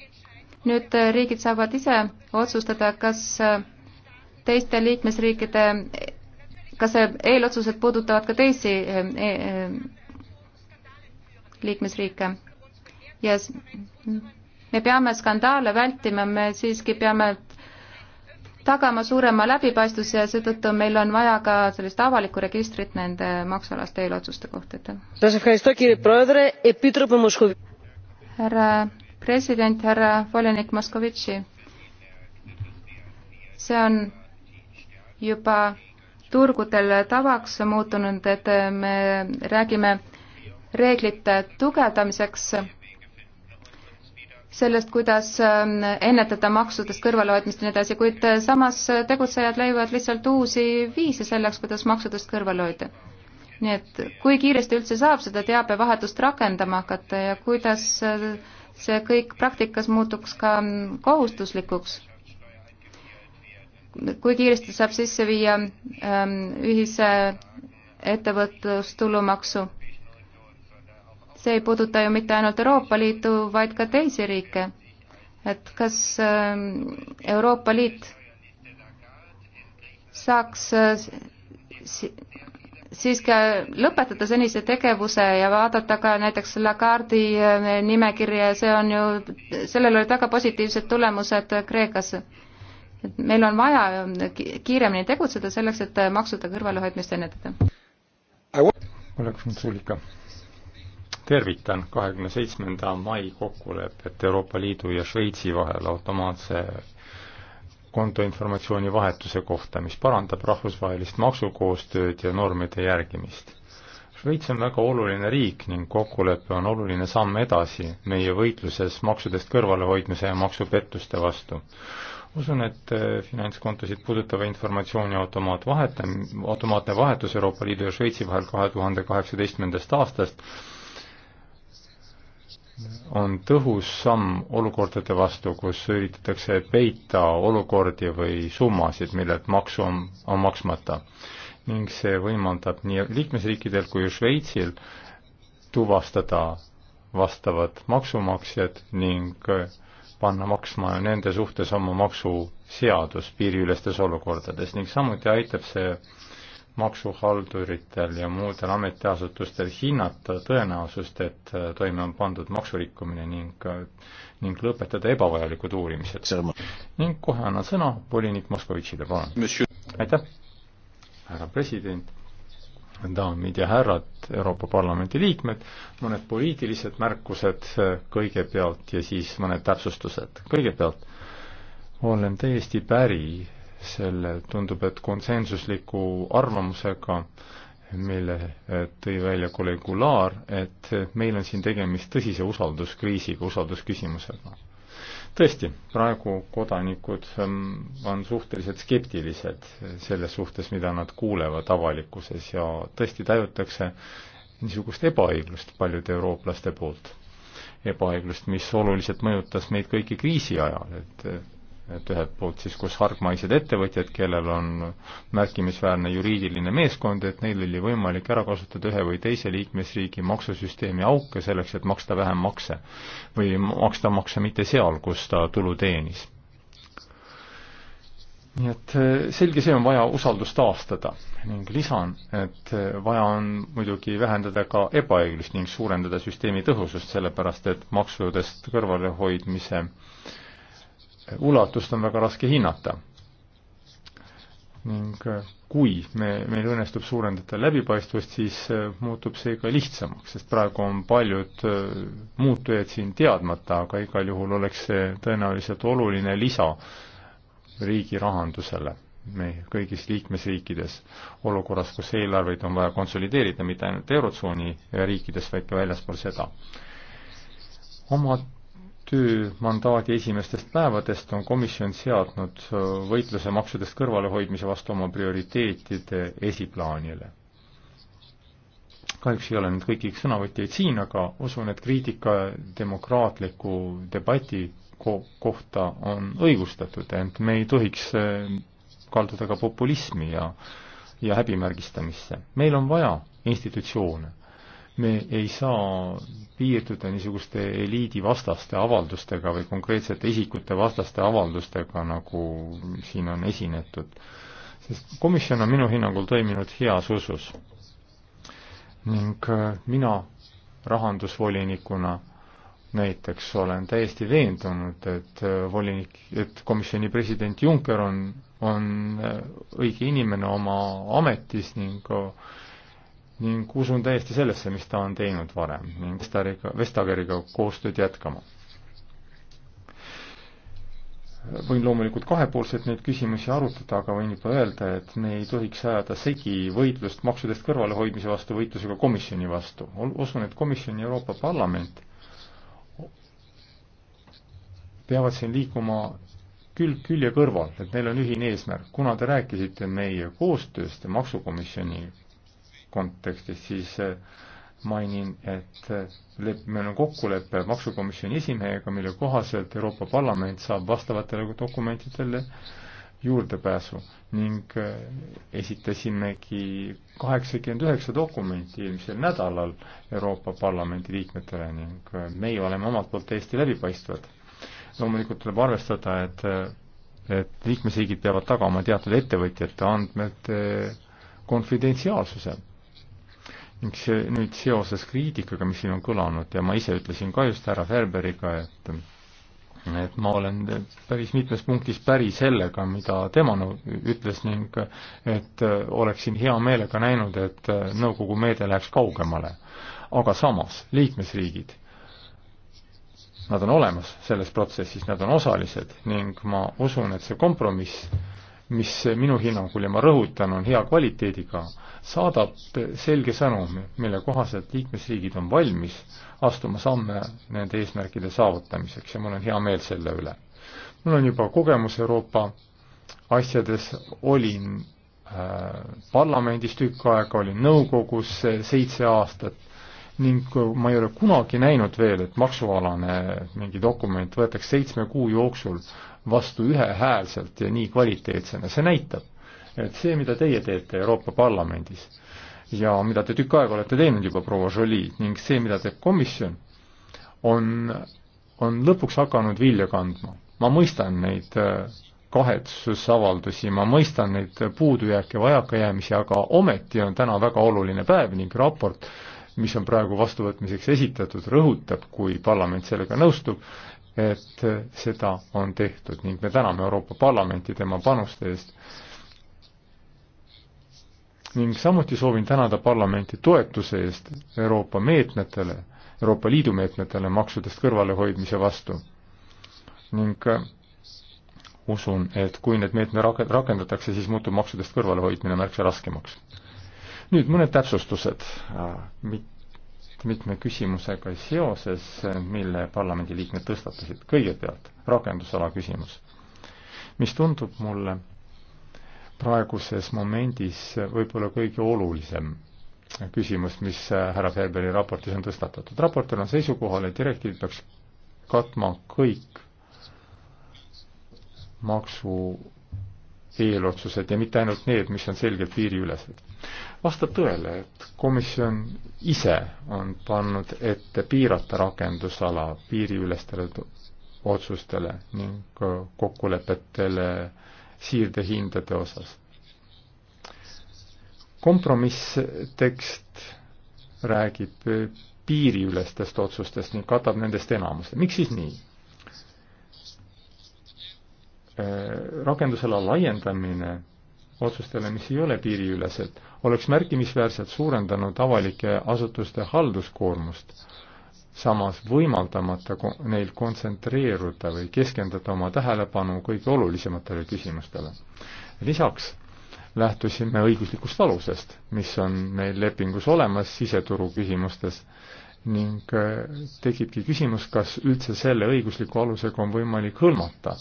nüüd äh, riigid saavad ise otsustada, kas äh, teiste liikmesriikide, kas äh, eelotsused puudutavad ka teisi e, liikmesriike ja me peame skandaale vältima, me siiski peame tagama suurema läbipaistvuse ja seetõttu meil on vaja ka sellist avalikku registrit nende maksualaste eelotsuste kohta, aitäh. härra president, härra volinik Moskovitši, see on juba turgudel tavaks muutunud, et me räägime reeglite tugevdamiseks sellest, kuidas ähm, ennetada maksudest kõrvalehoidmist ja nii edasi, kuid äh, samas äh, tegutsejad leiavad lihtsalt uusi viise selleks, kuidas maksudest kõrvale hoida. nii et kui kiiresti üldse saab seda teabevahetust rakendama hakata ja kuidas äh, see kõik praktikas muutuks ka mm, kohustuslikuks? kui kiiresti saab sisse viia ähm, ühise ettevõtlustulumaksu? see ei puuduta ju mitte ainult Euroopa Liitu, vaid ka teisi riike. et kas ähm, Euroopa Liit saaks äh, siiski lõpetada senise tegevuse ja vaadata ka näiteks Lagardi äh, nimekirja ja see on ju, sellel olid väga positiivsed tulemused Kreekas. et meil on vaja äh, kiiremini tegutseda selleks, et maksude kõrvalehoidmist ennetada. Oleks Sulika tervitan kahekümne seitsmenda mai kokkulepet Euroopa Liidu ja Šveitsi vahel automaatse kontoinformatsiooni vahetuse kohta, mis parandab rahvusvahelist maksukoostööd ja normide järgimist. Šveits on väga oluline riik ning kokkulepe on oluline samm edasi meie võitluses maksudest kõrvalehoidmise ja maksupettuste vastu. usun, et äh, finantskontosid puudutava informatsiooni automaatvahet-, automaatne vahetus Euroopa Liidu ja Šveitsi vahel kahe tuhande kaheksateistkümnendast aastast on tõhus samm olukordade vastu, kus üritatakse peita olukordi või summasid, millelt maksu on, on maksmata. ning see võimaldab nii liikmesriikidel kui Šveitsil tuvastada vastavad maksumaksjad ning eh, panna maksma nende suhtes oma maksuseadus piiriülestes olukordades ning samuti aitab see maksuhalduritel ja muudel ametiasutustel hinnata tõenäosust, et äh, toime on pandud maksurikkumine ning, äh, ning lõpetada ebavajalikud uurimised. ning kohe annan sõna volinik Moskovitšile, palun. aitäh, härra president, daamid ja härrad, Euroopa Parlamendi liikmed, mõned poliitilised märkused äh, kõigepealt ja siis mõned täpsustused. kõigepealt olen täiesti päri selle, tundub, et konsensusliku arvamusega, mille eh, tõi välja kolleeg Goulart, et meil on siin tegemist tõsise usalduskriisiga, usaldusküsimusega. tõesti, praegu kodanikud ehm, on suhteliselt skeptilised selles suhtes, mida nad kuulevad avalikkuses ja tõesti tajutakse niisugust ebaõiglust paljude eurooplaste poolt. ebaõiglust, mis oluliselt mõjutas meid kõiki kriisi ajal, et et ühelt poolt siis, kus hargmaised ettevõtjad, kellel on märkimisväärne juriidiline meeskond, et neil oli võimalik ära kasutada ühe või teise liikmesriigi maksusüsteemi auke selleks, et maksta vähem makse. või maksta makse mitte seal, kus ta tulu teenis. nii et eh, selge see, on vaja usaldust taastada ning lisan, et eh, vaja on muidugi vähendada ka ebaõiglust ning suurendada süsteemi tõhusust, sellepärast et maksudest kõrvalehoidmise ulatust on väga raske hinnata. ning äh, kui me, meil õnnestub suurendada läbipaistvust, siis äh, muutub see ka lihtsamaks, sest praegu on paljud äh, muutujad siin teadmata, aga igal juhul oleks see tõenäoliselt oluline lisa riigi rahandusele meie kõigis liikmesriikides olukorras, kus eelarveid on vaja konsolideerida mitte ainult Eurotsooni riikides, vaid ka väljaspool seda. oma töömandaadi esimestest päevadest on komisjon seadnud võitluse maksudest kõrvalehoidmise vastu oma prioriteetide esiplaanile. kahjuks ei ole nüüd kõiki sõnavõtjaid siin, aga usun, et kriitika demokraatliku debati ko-, kohta on õigustatud, ent me ei tohiks äh, kalduda ka populismi ja, ja häbimärgistamisse. meil on vaja institutsioone me ei saa piirduda niisuguste eliidivastaste avaldustega või konkreetsete isikute vastaste avaldustega, nagu siin on esinetud. sest komisjon on minu hinnangul toiminud heas usus. ning äh, mina rahandusvolinikuna näiteks olen täiesti veendunud, et äh, volinik, et komisjoni president Juncker on, on äh, õige inimene oma ametis ning ning usun täiesti sellesse, mis ta on teinud varem ning Vestariga, Vestageriga koostööd jätkama. võin loomulikult kahepoolselt neid küsimusi arutada, aga võin juba öelda, et me ei tohiks ajada segi võitlust maksudest kõrvalehoidmise vastu võitlusega komisjoni vastu. usun, et komisjon ja Euroopa Parlament peavad siin liikuma külg külje kõrval, et neil on ühine eesmärk. kuna te rääkisite meie koostööst ja Maksukomisjoni kontekstis, siis äh, mainin, et äh, lep-, meil on kokkulepe Maksukomisjoni esimehega, mille kohaselt Euroopa Parlament saab vastavatele dokumentidele juurdepääsu ning äh, esitasimegi kaheksakümmend üheksa dokumenti eelmisel nädalal Euroopa Parlamendi liikmetele ning meie oleme omalt poolt täiesti läbipaistvad. loomulikult tuleb arvestada, et, et liikmesriigid peavad tagama teatud ettevõtjate andmete konfidentsiaalsuse ning see nüüd seoses kriitikaga, mis siin on kõlanud ja ma ise ütlesin ka just härra Ferberiga, et et ma olen päris mitmes punktis päri sellega, mida tema ütles ning et oleksin hea meelega näinud, et nõukogu meede läheks kaugemale. aga samas, liikmesriigid, nad on olemas selles protsessis, nad on osalised ning ma usun, et see kompromiss, mis minu hinnangul ja ma rõhutan, on hea kvaliteediga, saadab selge sõnumi, mille kohaselt liikmesriigid on valmis astuma samme nende eesmärkide saavutamiseks ja mul on hea meel selle üle. mul on juba kogemus Euroopa asjades, olin äh, parlamendis tükk aega, olin nõukogus äh, seitse aastat ning ma ei ole kunagi näinud veel, et maksualane mingi dokument võetakse seitsme kuu jooksul vastu ühehäälselt ja nii kvaliteetsena, see näitab, et see, mida teie teete Euroopa Parlamendis ja mida te tükk aega olete teinud juba, proua Jolie, ning see, mida teeb komisjon, on, on lõpuks hakanud vilja kandma. ma mõistan neid äh, kahetsusavaldusi, ma mõistan neid puudujääke, vajakajäämisi, aga ometi on täna väga oluline päev ning raport äh, mis on praegu vastuvõtmiseks esitatud, rõhutab, kui parlament sellega nõustub, et seda on tehtud ning me täname Euroopa Parlamenti tema panuste eest. ning samuti soovin tänada parlamenti toetuse eest Euroopa meetmetele, Euroopa Liidu meetmetele maksudest kõrvalehoidmise vastu. ning äh, usun, et kui need meetmed rakendatakse, siis muutub maksudest kõrvalehoidmine märksa raskemaks nüüd mõned täpsustused äh, mit, mitme küsimusega seoses, mille parlamendiliikmed tõstatasid. kõigepealt rakendusala küsimus, mis tundub mulle praeguses momendis võib-olla kõige olulisem küsimus, mis äh, härra Ferberi raportis on tõstatatud. raportil on seisukohal, et direktiiv peaks katma kõik maksu eelotsused ja mitte ainult need, mis on selgelt piiriülesed vastab tõele, et komisjon ise on pannud ette piirata rakendusala piiriülestele otsustele ning kokkulepetele siirdehindade osas. kompromisstekst räägib piiriülestest otsustest ning katab nendest enamuse, miks siis nii? Äh, rakendusala laiendamine otsustele, mis ei ole piiriülesed, oleks märkimisväärselt suurendanud avalike asutuste halduskoormust, samas võimaldamata neil kontsentreeruda või keskenduda oma tähelepanu kõige olulisematele küsimustele. lisaks lähtusime õiguslikust alusest, mis on meil lepingus olemas siseturu küsimustes ning äh, tekibki küsimus, kas üldse selle õigusliku alusega on võimalik hõlmata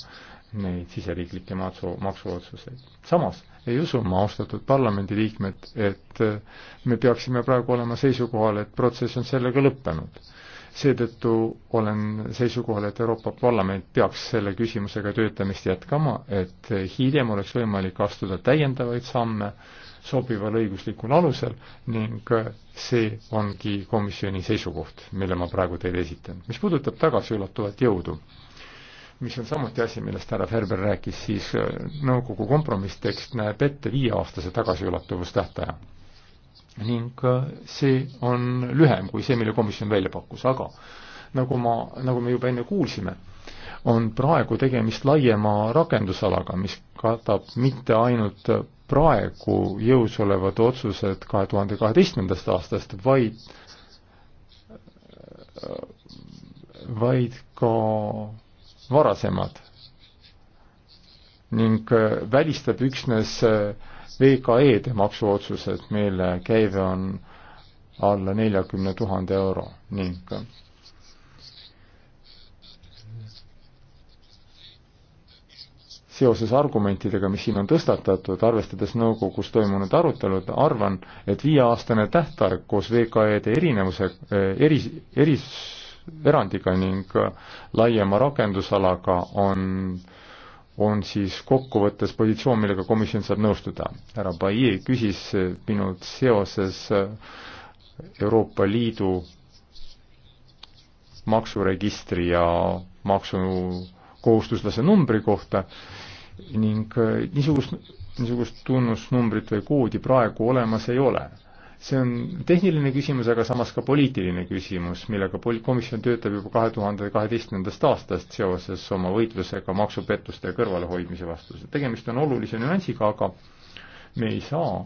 neid siseriiklikke maksu, maksuotsuseid. samas ei usu ma, austatud parlamendiliikmed, et äh, me peaksime praegu olema seisukohal, et protsess on sellega lõppenud. seetõttu olen seisukohal, et Euroopa Parlament peaks selle küsimusega töötamist jätkama, et hiljem oleks võimalik astuda täiendavaid samme sobival õiguslikul alusel ning äh, see ongi komisjoni seisukoht, mille ma praegu teile esitan. mis puudutab tagasiulatuvat jõudu, mis on samuti asi, millest härra Ferber rääkis, siis äh, nõukogu kompromisstekst näeb ette viieaastase tagasiulatuvustähtaja. ning äh, see on lühem kui see, mille komisjon välja pakkus, aga nagu ma, nagu me juba enne kuulsime, on praegu tegemist laiema rakendusalaga, mis katab mitte ainult praegu jõus olevad otsused kahe tuhande kaheteistkümnendast aastast, vaid, äh, vaid ka varasemad ning äh, välistab üksnes äh, VKE-de maksuotsused, mille käive on alla neljakümne tuhande euro ning äh, seoses argumentidega, mis siin on tõstatatud, arvestades nõukogus toimunud arutelud, arvan, et viieaastane tähtaeg koos VKE-de erinevuse, eri, eris, erandiga ning äh, laiema rakendusalaga on, on siis kokkuvõttes positsioon, millega komisjon saab nõustuda. härra Baie küsis äh, minult seoses äh, Euroopa Liidu maksuregistri ja maksukohustuslase numbri kohta ning niisugust, niisugust tunnusnumbrit või koodi praegu olemas ei ole see on tehniline küsimus, aga samas ka poliitiline küsimus, millega pol-, komisjon töötab juba kahe tuhande kaheteistkümnendast aastast seoses oma võitlusega maksupettuste kõrvalehoidmise vastu. tegemist on olulise nüansiga, aga me ei saa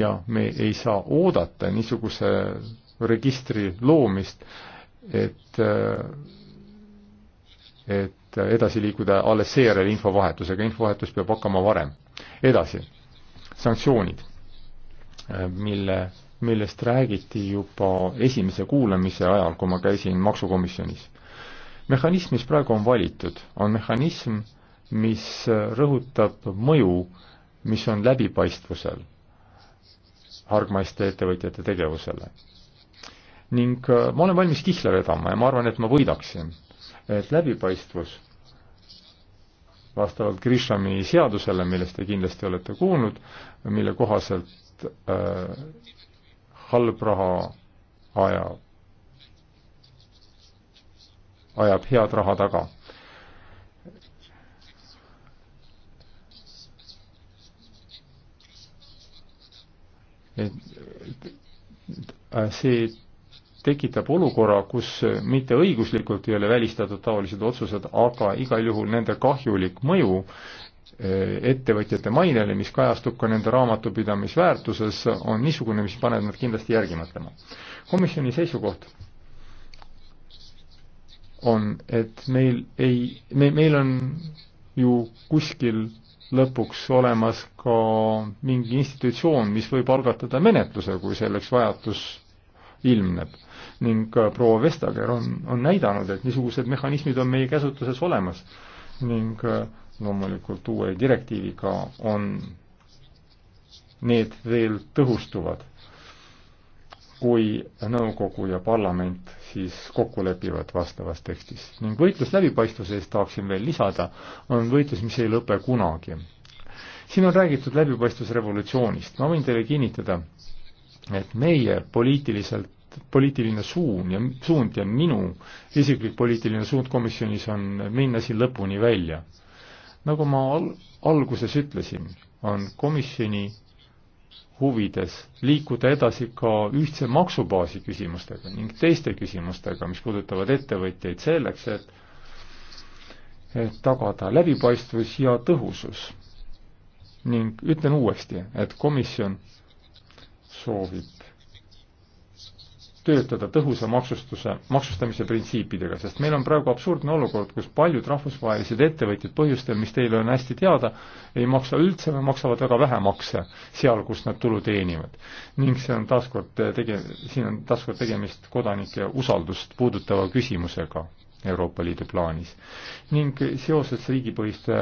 ja me ei saa oodata niisuguse registri loomist, et et edasi liikuda alles seejärel infovahetusega, infovahetus peab hakkama varem. edasi, sanktsioonid mille, millest räägiti juba esimese kuulamise ajal, kui ma käisin Maksukomisjonis. mehhanism, mis praegu on valitud, on mehhanism, mis rõhutab mõju, mis on läbipaistvusel hargmaiste ettevõtjate tegevusele. ning äh, ma olen valmis kihla vedama ja ma arvan, et ma võidaksin, et läbipaistvus vastavalt Grishami seadusele, millest te kindlasti olete kuulnud, mille kohaselt et äh, halb raha ajab, ajab head raha taga. et äh, see tekitab olukorra, kus mitte õiguslikult ei ole välistatud taolised otsused, aga igal juhul nende kahjulik mõju Äh, ettevõtjate mainele, mis kajastub ka nende raamatupidamisväärtuses, on niisugune, mis paneb nad kindlasti järgi mõtlema. komisjoni seisukoht on, et meil ei, me, meil on ju kuskil lõpuks olemas ka mingi institutsioon, mis võib algatada menetluse, kui selleks vajadus ilmneb. ning proua Vestager on, on näidanud, et niisugused mehhanismid on meie käsutuses olemas ning äh, loomulikult uue direktiiviga on need veel tõhustuvad, kui nõukogu ja parlament siis kokku lepivad vastavas tekstis. ning võitlus läbipaistvuse eest tahaksin veel lisada, on võitlus, mis ei lõpe kunagi. siin on räägitud läbipaistvusrevolutsioonist, ma võin teile kinnitada, et meie poliitiliselt poliitiline suun ja suund ja minu isiklik poliitiline suund komisjonis on minna siin lõpuni välja nagu ma al-, alguses ütlesin, on komisjoni huvides liikuda edasi ka ühtse maksubaasi küsimustega ning teiste küsimustega, mis puudutavad ettevõtjaid, selleks et et tagada läbipaistvus ja tõhusus. ning ütlen uuesti, et komisjon soovib töötada tõhusa maksustuse, maksustamise printsiipidega, sest meil on praegu absurdne olukord, kus paljud rahvusvahelised ettevõtjad põhjustel, mis teile on hästi teada, ei maksa üldse või maksavad väga vähe makse seal, kus nad tulu teenivad. ning see on taaskord äh, tege-, siin on taaskord tegemist kodanike usaldust puudutava küsimusega Euroopa Liidu plaanis. ning seoses riigipõhiste,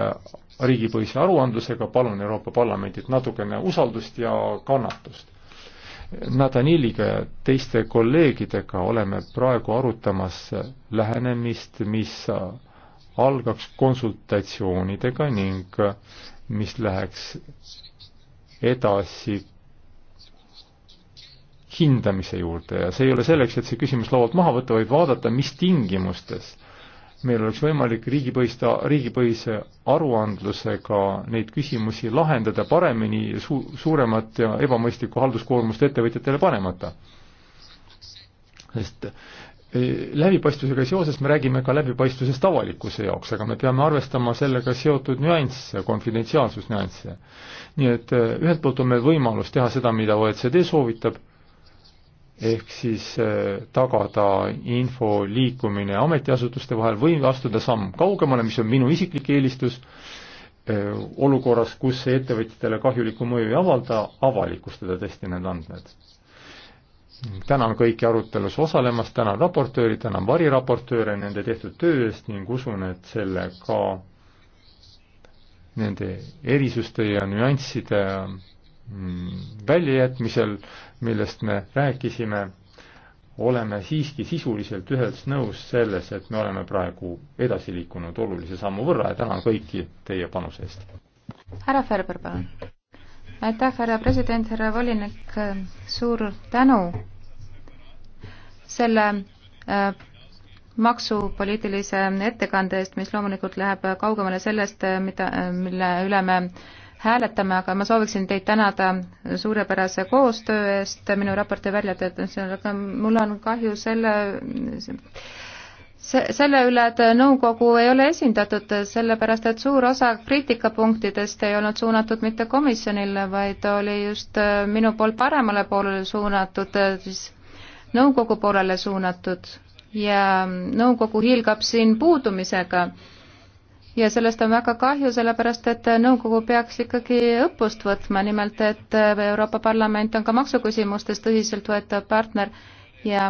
riigipõhise aruandlusega palun Euroopa Parlamendilt natukene usaldust ja kannatust Nataniliga ja teiste kolleegidega oleme praegu arutamas lähenemist, mis algaks konsultatsioonidega ning mis läheks edasi hindamise juurde ja see ei ole selleks, et see küsimus laualt maha võtta, vaid vaadata, mis tingimustes meil oleks võimalik riigipõhiste, riigipõhise aruandlusega neid küsimusi lahendada paremini su-, suuremat ja ebamõistlikku halduskoormust ettevõtjatele panemata. sest e, läbipaistvusega seoses me räägime ka läbipaistvusest avalikkuse jaoks, aga me peame arvestama sellega seotud nüansse, konfidentsiaalsusnüansse. nii et e, ühelt poolt on meil võimalus teha seda, mida OECD soovitab, ehk siis äh, tagada info liikumine ametiasutuste vahel või astuda samm kaugemale, mis on minu isiklik eelistus, äh, olukorras, kus see ettevõtjatele kahjulikku mõju ei avalda, avalikustada tõesti need andmed. tänan kõiki arutelus osalemast, tänan raportööri, tänan variraportööre nende tehtud töö eest ning usun, et sellega nende erisuste ja nüansside mm, väljajätmisel millest me rääkisime, oleme siiski sisuliselt ühelt nõus selles, et me oleme praegu edasi liikunud olulise sammu võrra ja tänan kõiki teie panuse eest. härra Ferber, palun. aitäh, härra president, härra volinik, suur tänu selle äh, maksupoliitilise ettekande eest, mis loomulikult läheb kaugemale sellest, äh, mida, äh, mille üle me äh, hääletame, aga ma sooviksin teid tänada suurepärase koostöö eest minu raporti väljatöötamisel, aga mul on kahju selle se-, selle üle, et nõukogu ei ole esindatud, sellepärast et suur osa kriitikapunktidest ei olnud suunatud mitte komisjonile, vaid oli just minu poolt paremale poolele suunatud, siis nõukogu poolele suunatud ja nõukogu hiilgab siin puudumisega ja sellest on väga kahju, sellepärast et nõukogu peaks ikkagi õppust võtma, nimelt et Euroopa Parlament on ka maksuküsimustes tõsiseltvõetav partner ja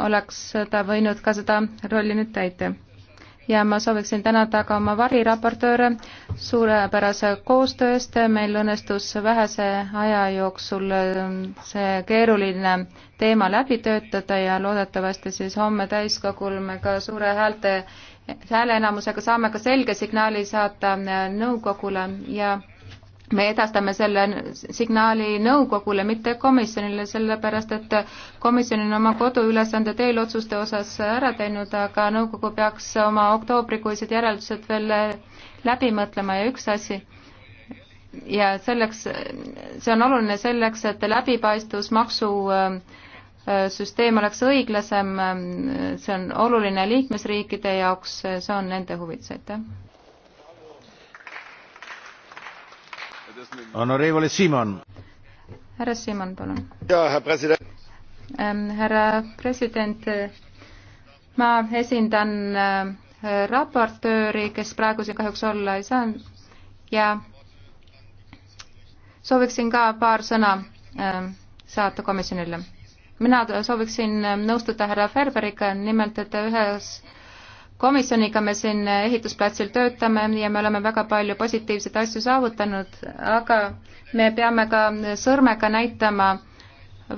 oleks ta võinud ka seda rolli nüüd täita. ja ma sooviksin tänada ka oma variraportööre suurepärase koostöö eest, meil õnnestus vähese aja jooksul see keeruline teema läbi töötada ja loodetavasti siis homme täiskogul me ka suure häälte hääleenamusega saame ka selge signaali saata äh, nõukogule ja me edastame selle signaali nõukogule, mitte komisjonile, sellepärast et komisjon on oma koduülesanded eelotsuste osas ära teinud, aga nõukogu peaks oma oktoobrikuised järeldused veel äh, läbi mõtlema ja üks asi, ja selleks, see on oluline selleks, et läbipaistvus maksu äh, süsteem oleks õiglasem, see on oluline liikmesriikide jaoks, see on nende huvides, aitäh. Honorevole Simon. härra Simon, palun. Ähm, härra president, ma esindan äh, raportööri, kes praegu siin kahjuks olla ei saa ja sooviksin ka paar sõna äh, saata komisjonile mina sooviksin nõustuda härra Ferberiga, nimelt et ühes komisjoniga me siin ehitusplatsil töötame ja me oleme väga palju positiivseid asju saavutanud, aga me peame ka sõrmega näitama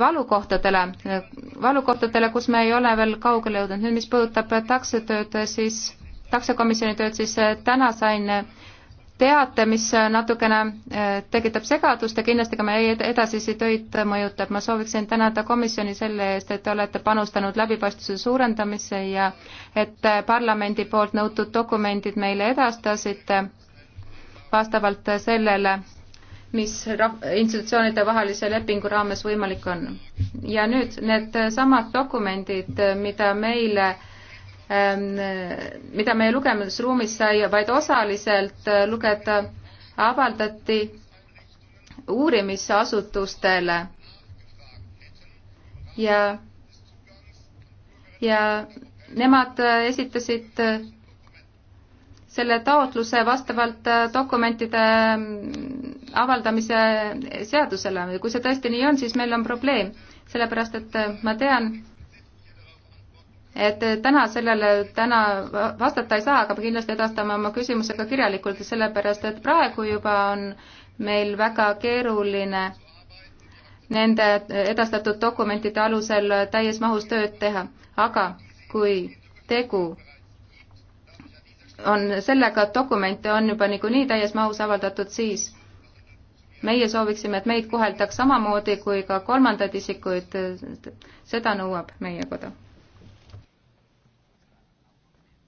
valukohtadele, valukohtadele, kus me ei ole veel kaugele jõudnud. nüüd, mis puudutab taksotööd, siis taksokomisjoni tööd, siis täna sain teate, mis natukene eh, tekitab segadust ja kindlasti ka meie edasisi töid mõjutab. ma sooviksin tänada komisjoni selle eest, et te olete panustanud läbipaistvuse suurendamisse ja et parlamendi poolt nõutud dokumendid meile edastasite vastavalt sellele, mis institutsioonide vahelise lepingu raames võimalik on. ja nüüd needsamad dokumendid, mida meile äh, Ähm, mida meie lugemisruumis sai vaid osaliselt äh, lugeda, avaldati uurimisasutustele ja, ja nemad äh, esitasid äh, selle taotluse vastavalt dokumentide mm, avaldamise seadusele ja kui see tõesti nii on, siis meil on probleem, sellepärast et ma tean, et täna sellele täna vastata ei saa, aga kindlasti edastame oma küsimuse ka kirjalikult, sellepärast et praegu juba on meil väga keeruline nende edastatud dokumentide alusel täies mahus tööd teha, aga kui tegu on sellega, et dokumente on juba niikuinii täies mahus avaldatud, siis meie sooviksime, et meid koheldaks samamoodi kui ka kolmandaid isikuid, seda nõuab meie koda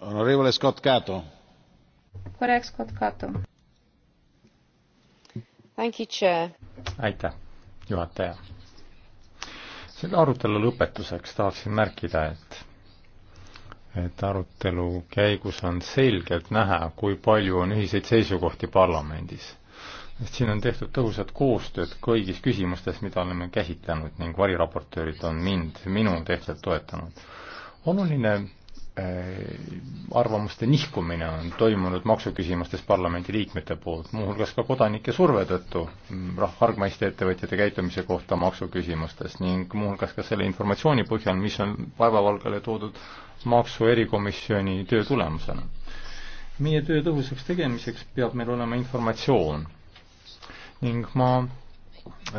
Onorevole Scott Cato. kolleeg Scott Cato. aitäh, juhataja. selle arutelu lõpetuseks tahaksin märkida, et et arutelu käigus on selgelt näha, kui palju on ühiseid seisukohti parlamendis. sest siin on tehtud tõhusat koostööd kõigis küsimustes, mida oleme käsitlenud ning variraportöörid on mind, minu tehtud toetanud. oluline Äh, arvamuste nihkumine on toimunud maksuküsimustes parlamendi liikmete poolt, muuhulgas ka kodanike surve tõttu mm, hargmaiste ettevõtjate käitumise kohta maksuküsimustes ning muuhulgas ka selle informatsiooni põhjal, mis on vaevavalgele toodud maksu erikomisjoni töö tulemusena. meie töö tõhusaks tegemiseks peab meil olema informatsioon ning ma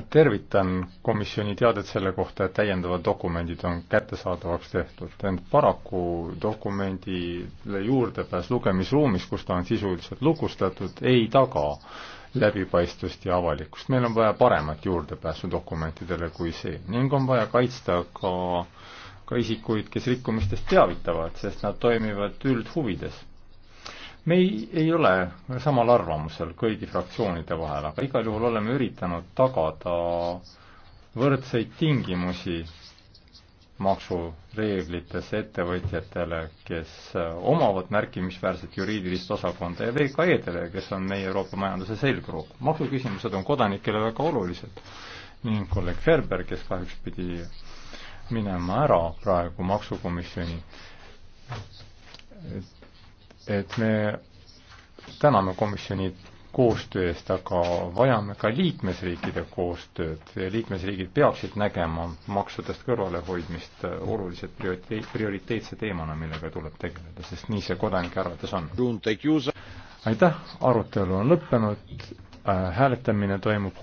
tervitan komisjoni teadet selle kohta, et täiendavad dokumendid on kättesaadavaks tehtud, ent paraku dokumendile juurdepääs lugemisruumis, kus ta on sisuliselt lukustatud, ei taga läbipaistvust ja avalikkust. meil on vaja paremat juurdepääsu dokumentidele kui see ning on vaja kaitsta ka, ka isikuid, kes rikkumistest teavitavad, sest nad toimivad üldhuvides me ei, ei ole samal arvamusel kõigi fraktsioonide vahel, aga igal juhul oleme üritanud tagada võrdseid tingimusi maksureeglites ettevõtjatele, kes omavad märkimisväärset juriidilist osakonda ja VKE-dele, kes on meie Euroopa majanduse selgroog. maksuküsimused on kodanikele väga olulised ning kolleeg Ferber, kes kahjuks pidi minema ära praegu maksukomisjoni, et me täname komisjoni koostöö eest, aga vajame ka liikmesriikide koostööd. liikmesriigid peaksid nägema maksudest kõrvalehoidmist oluliselt prioriteet, prioriteetse teemana, millega tuleb tegeleda, sest nii see kodanike arvates on. aitäh, arutelu on lõppenud, äh, hääletamine toimub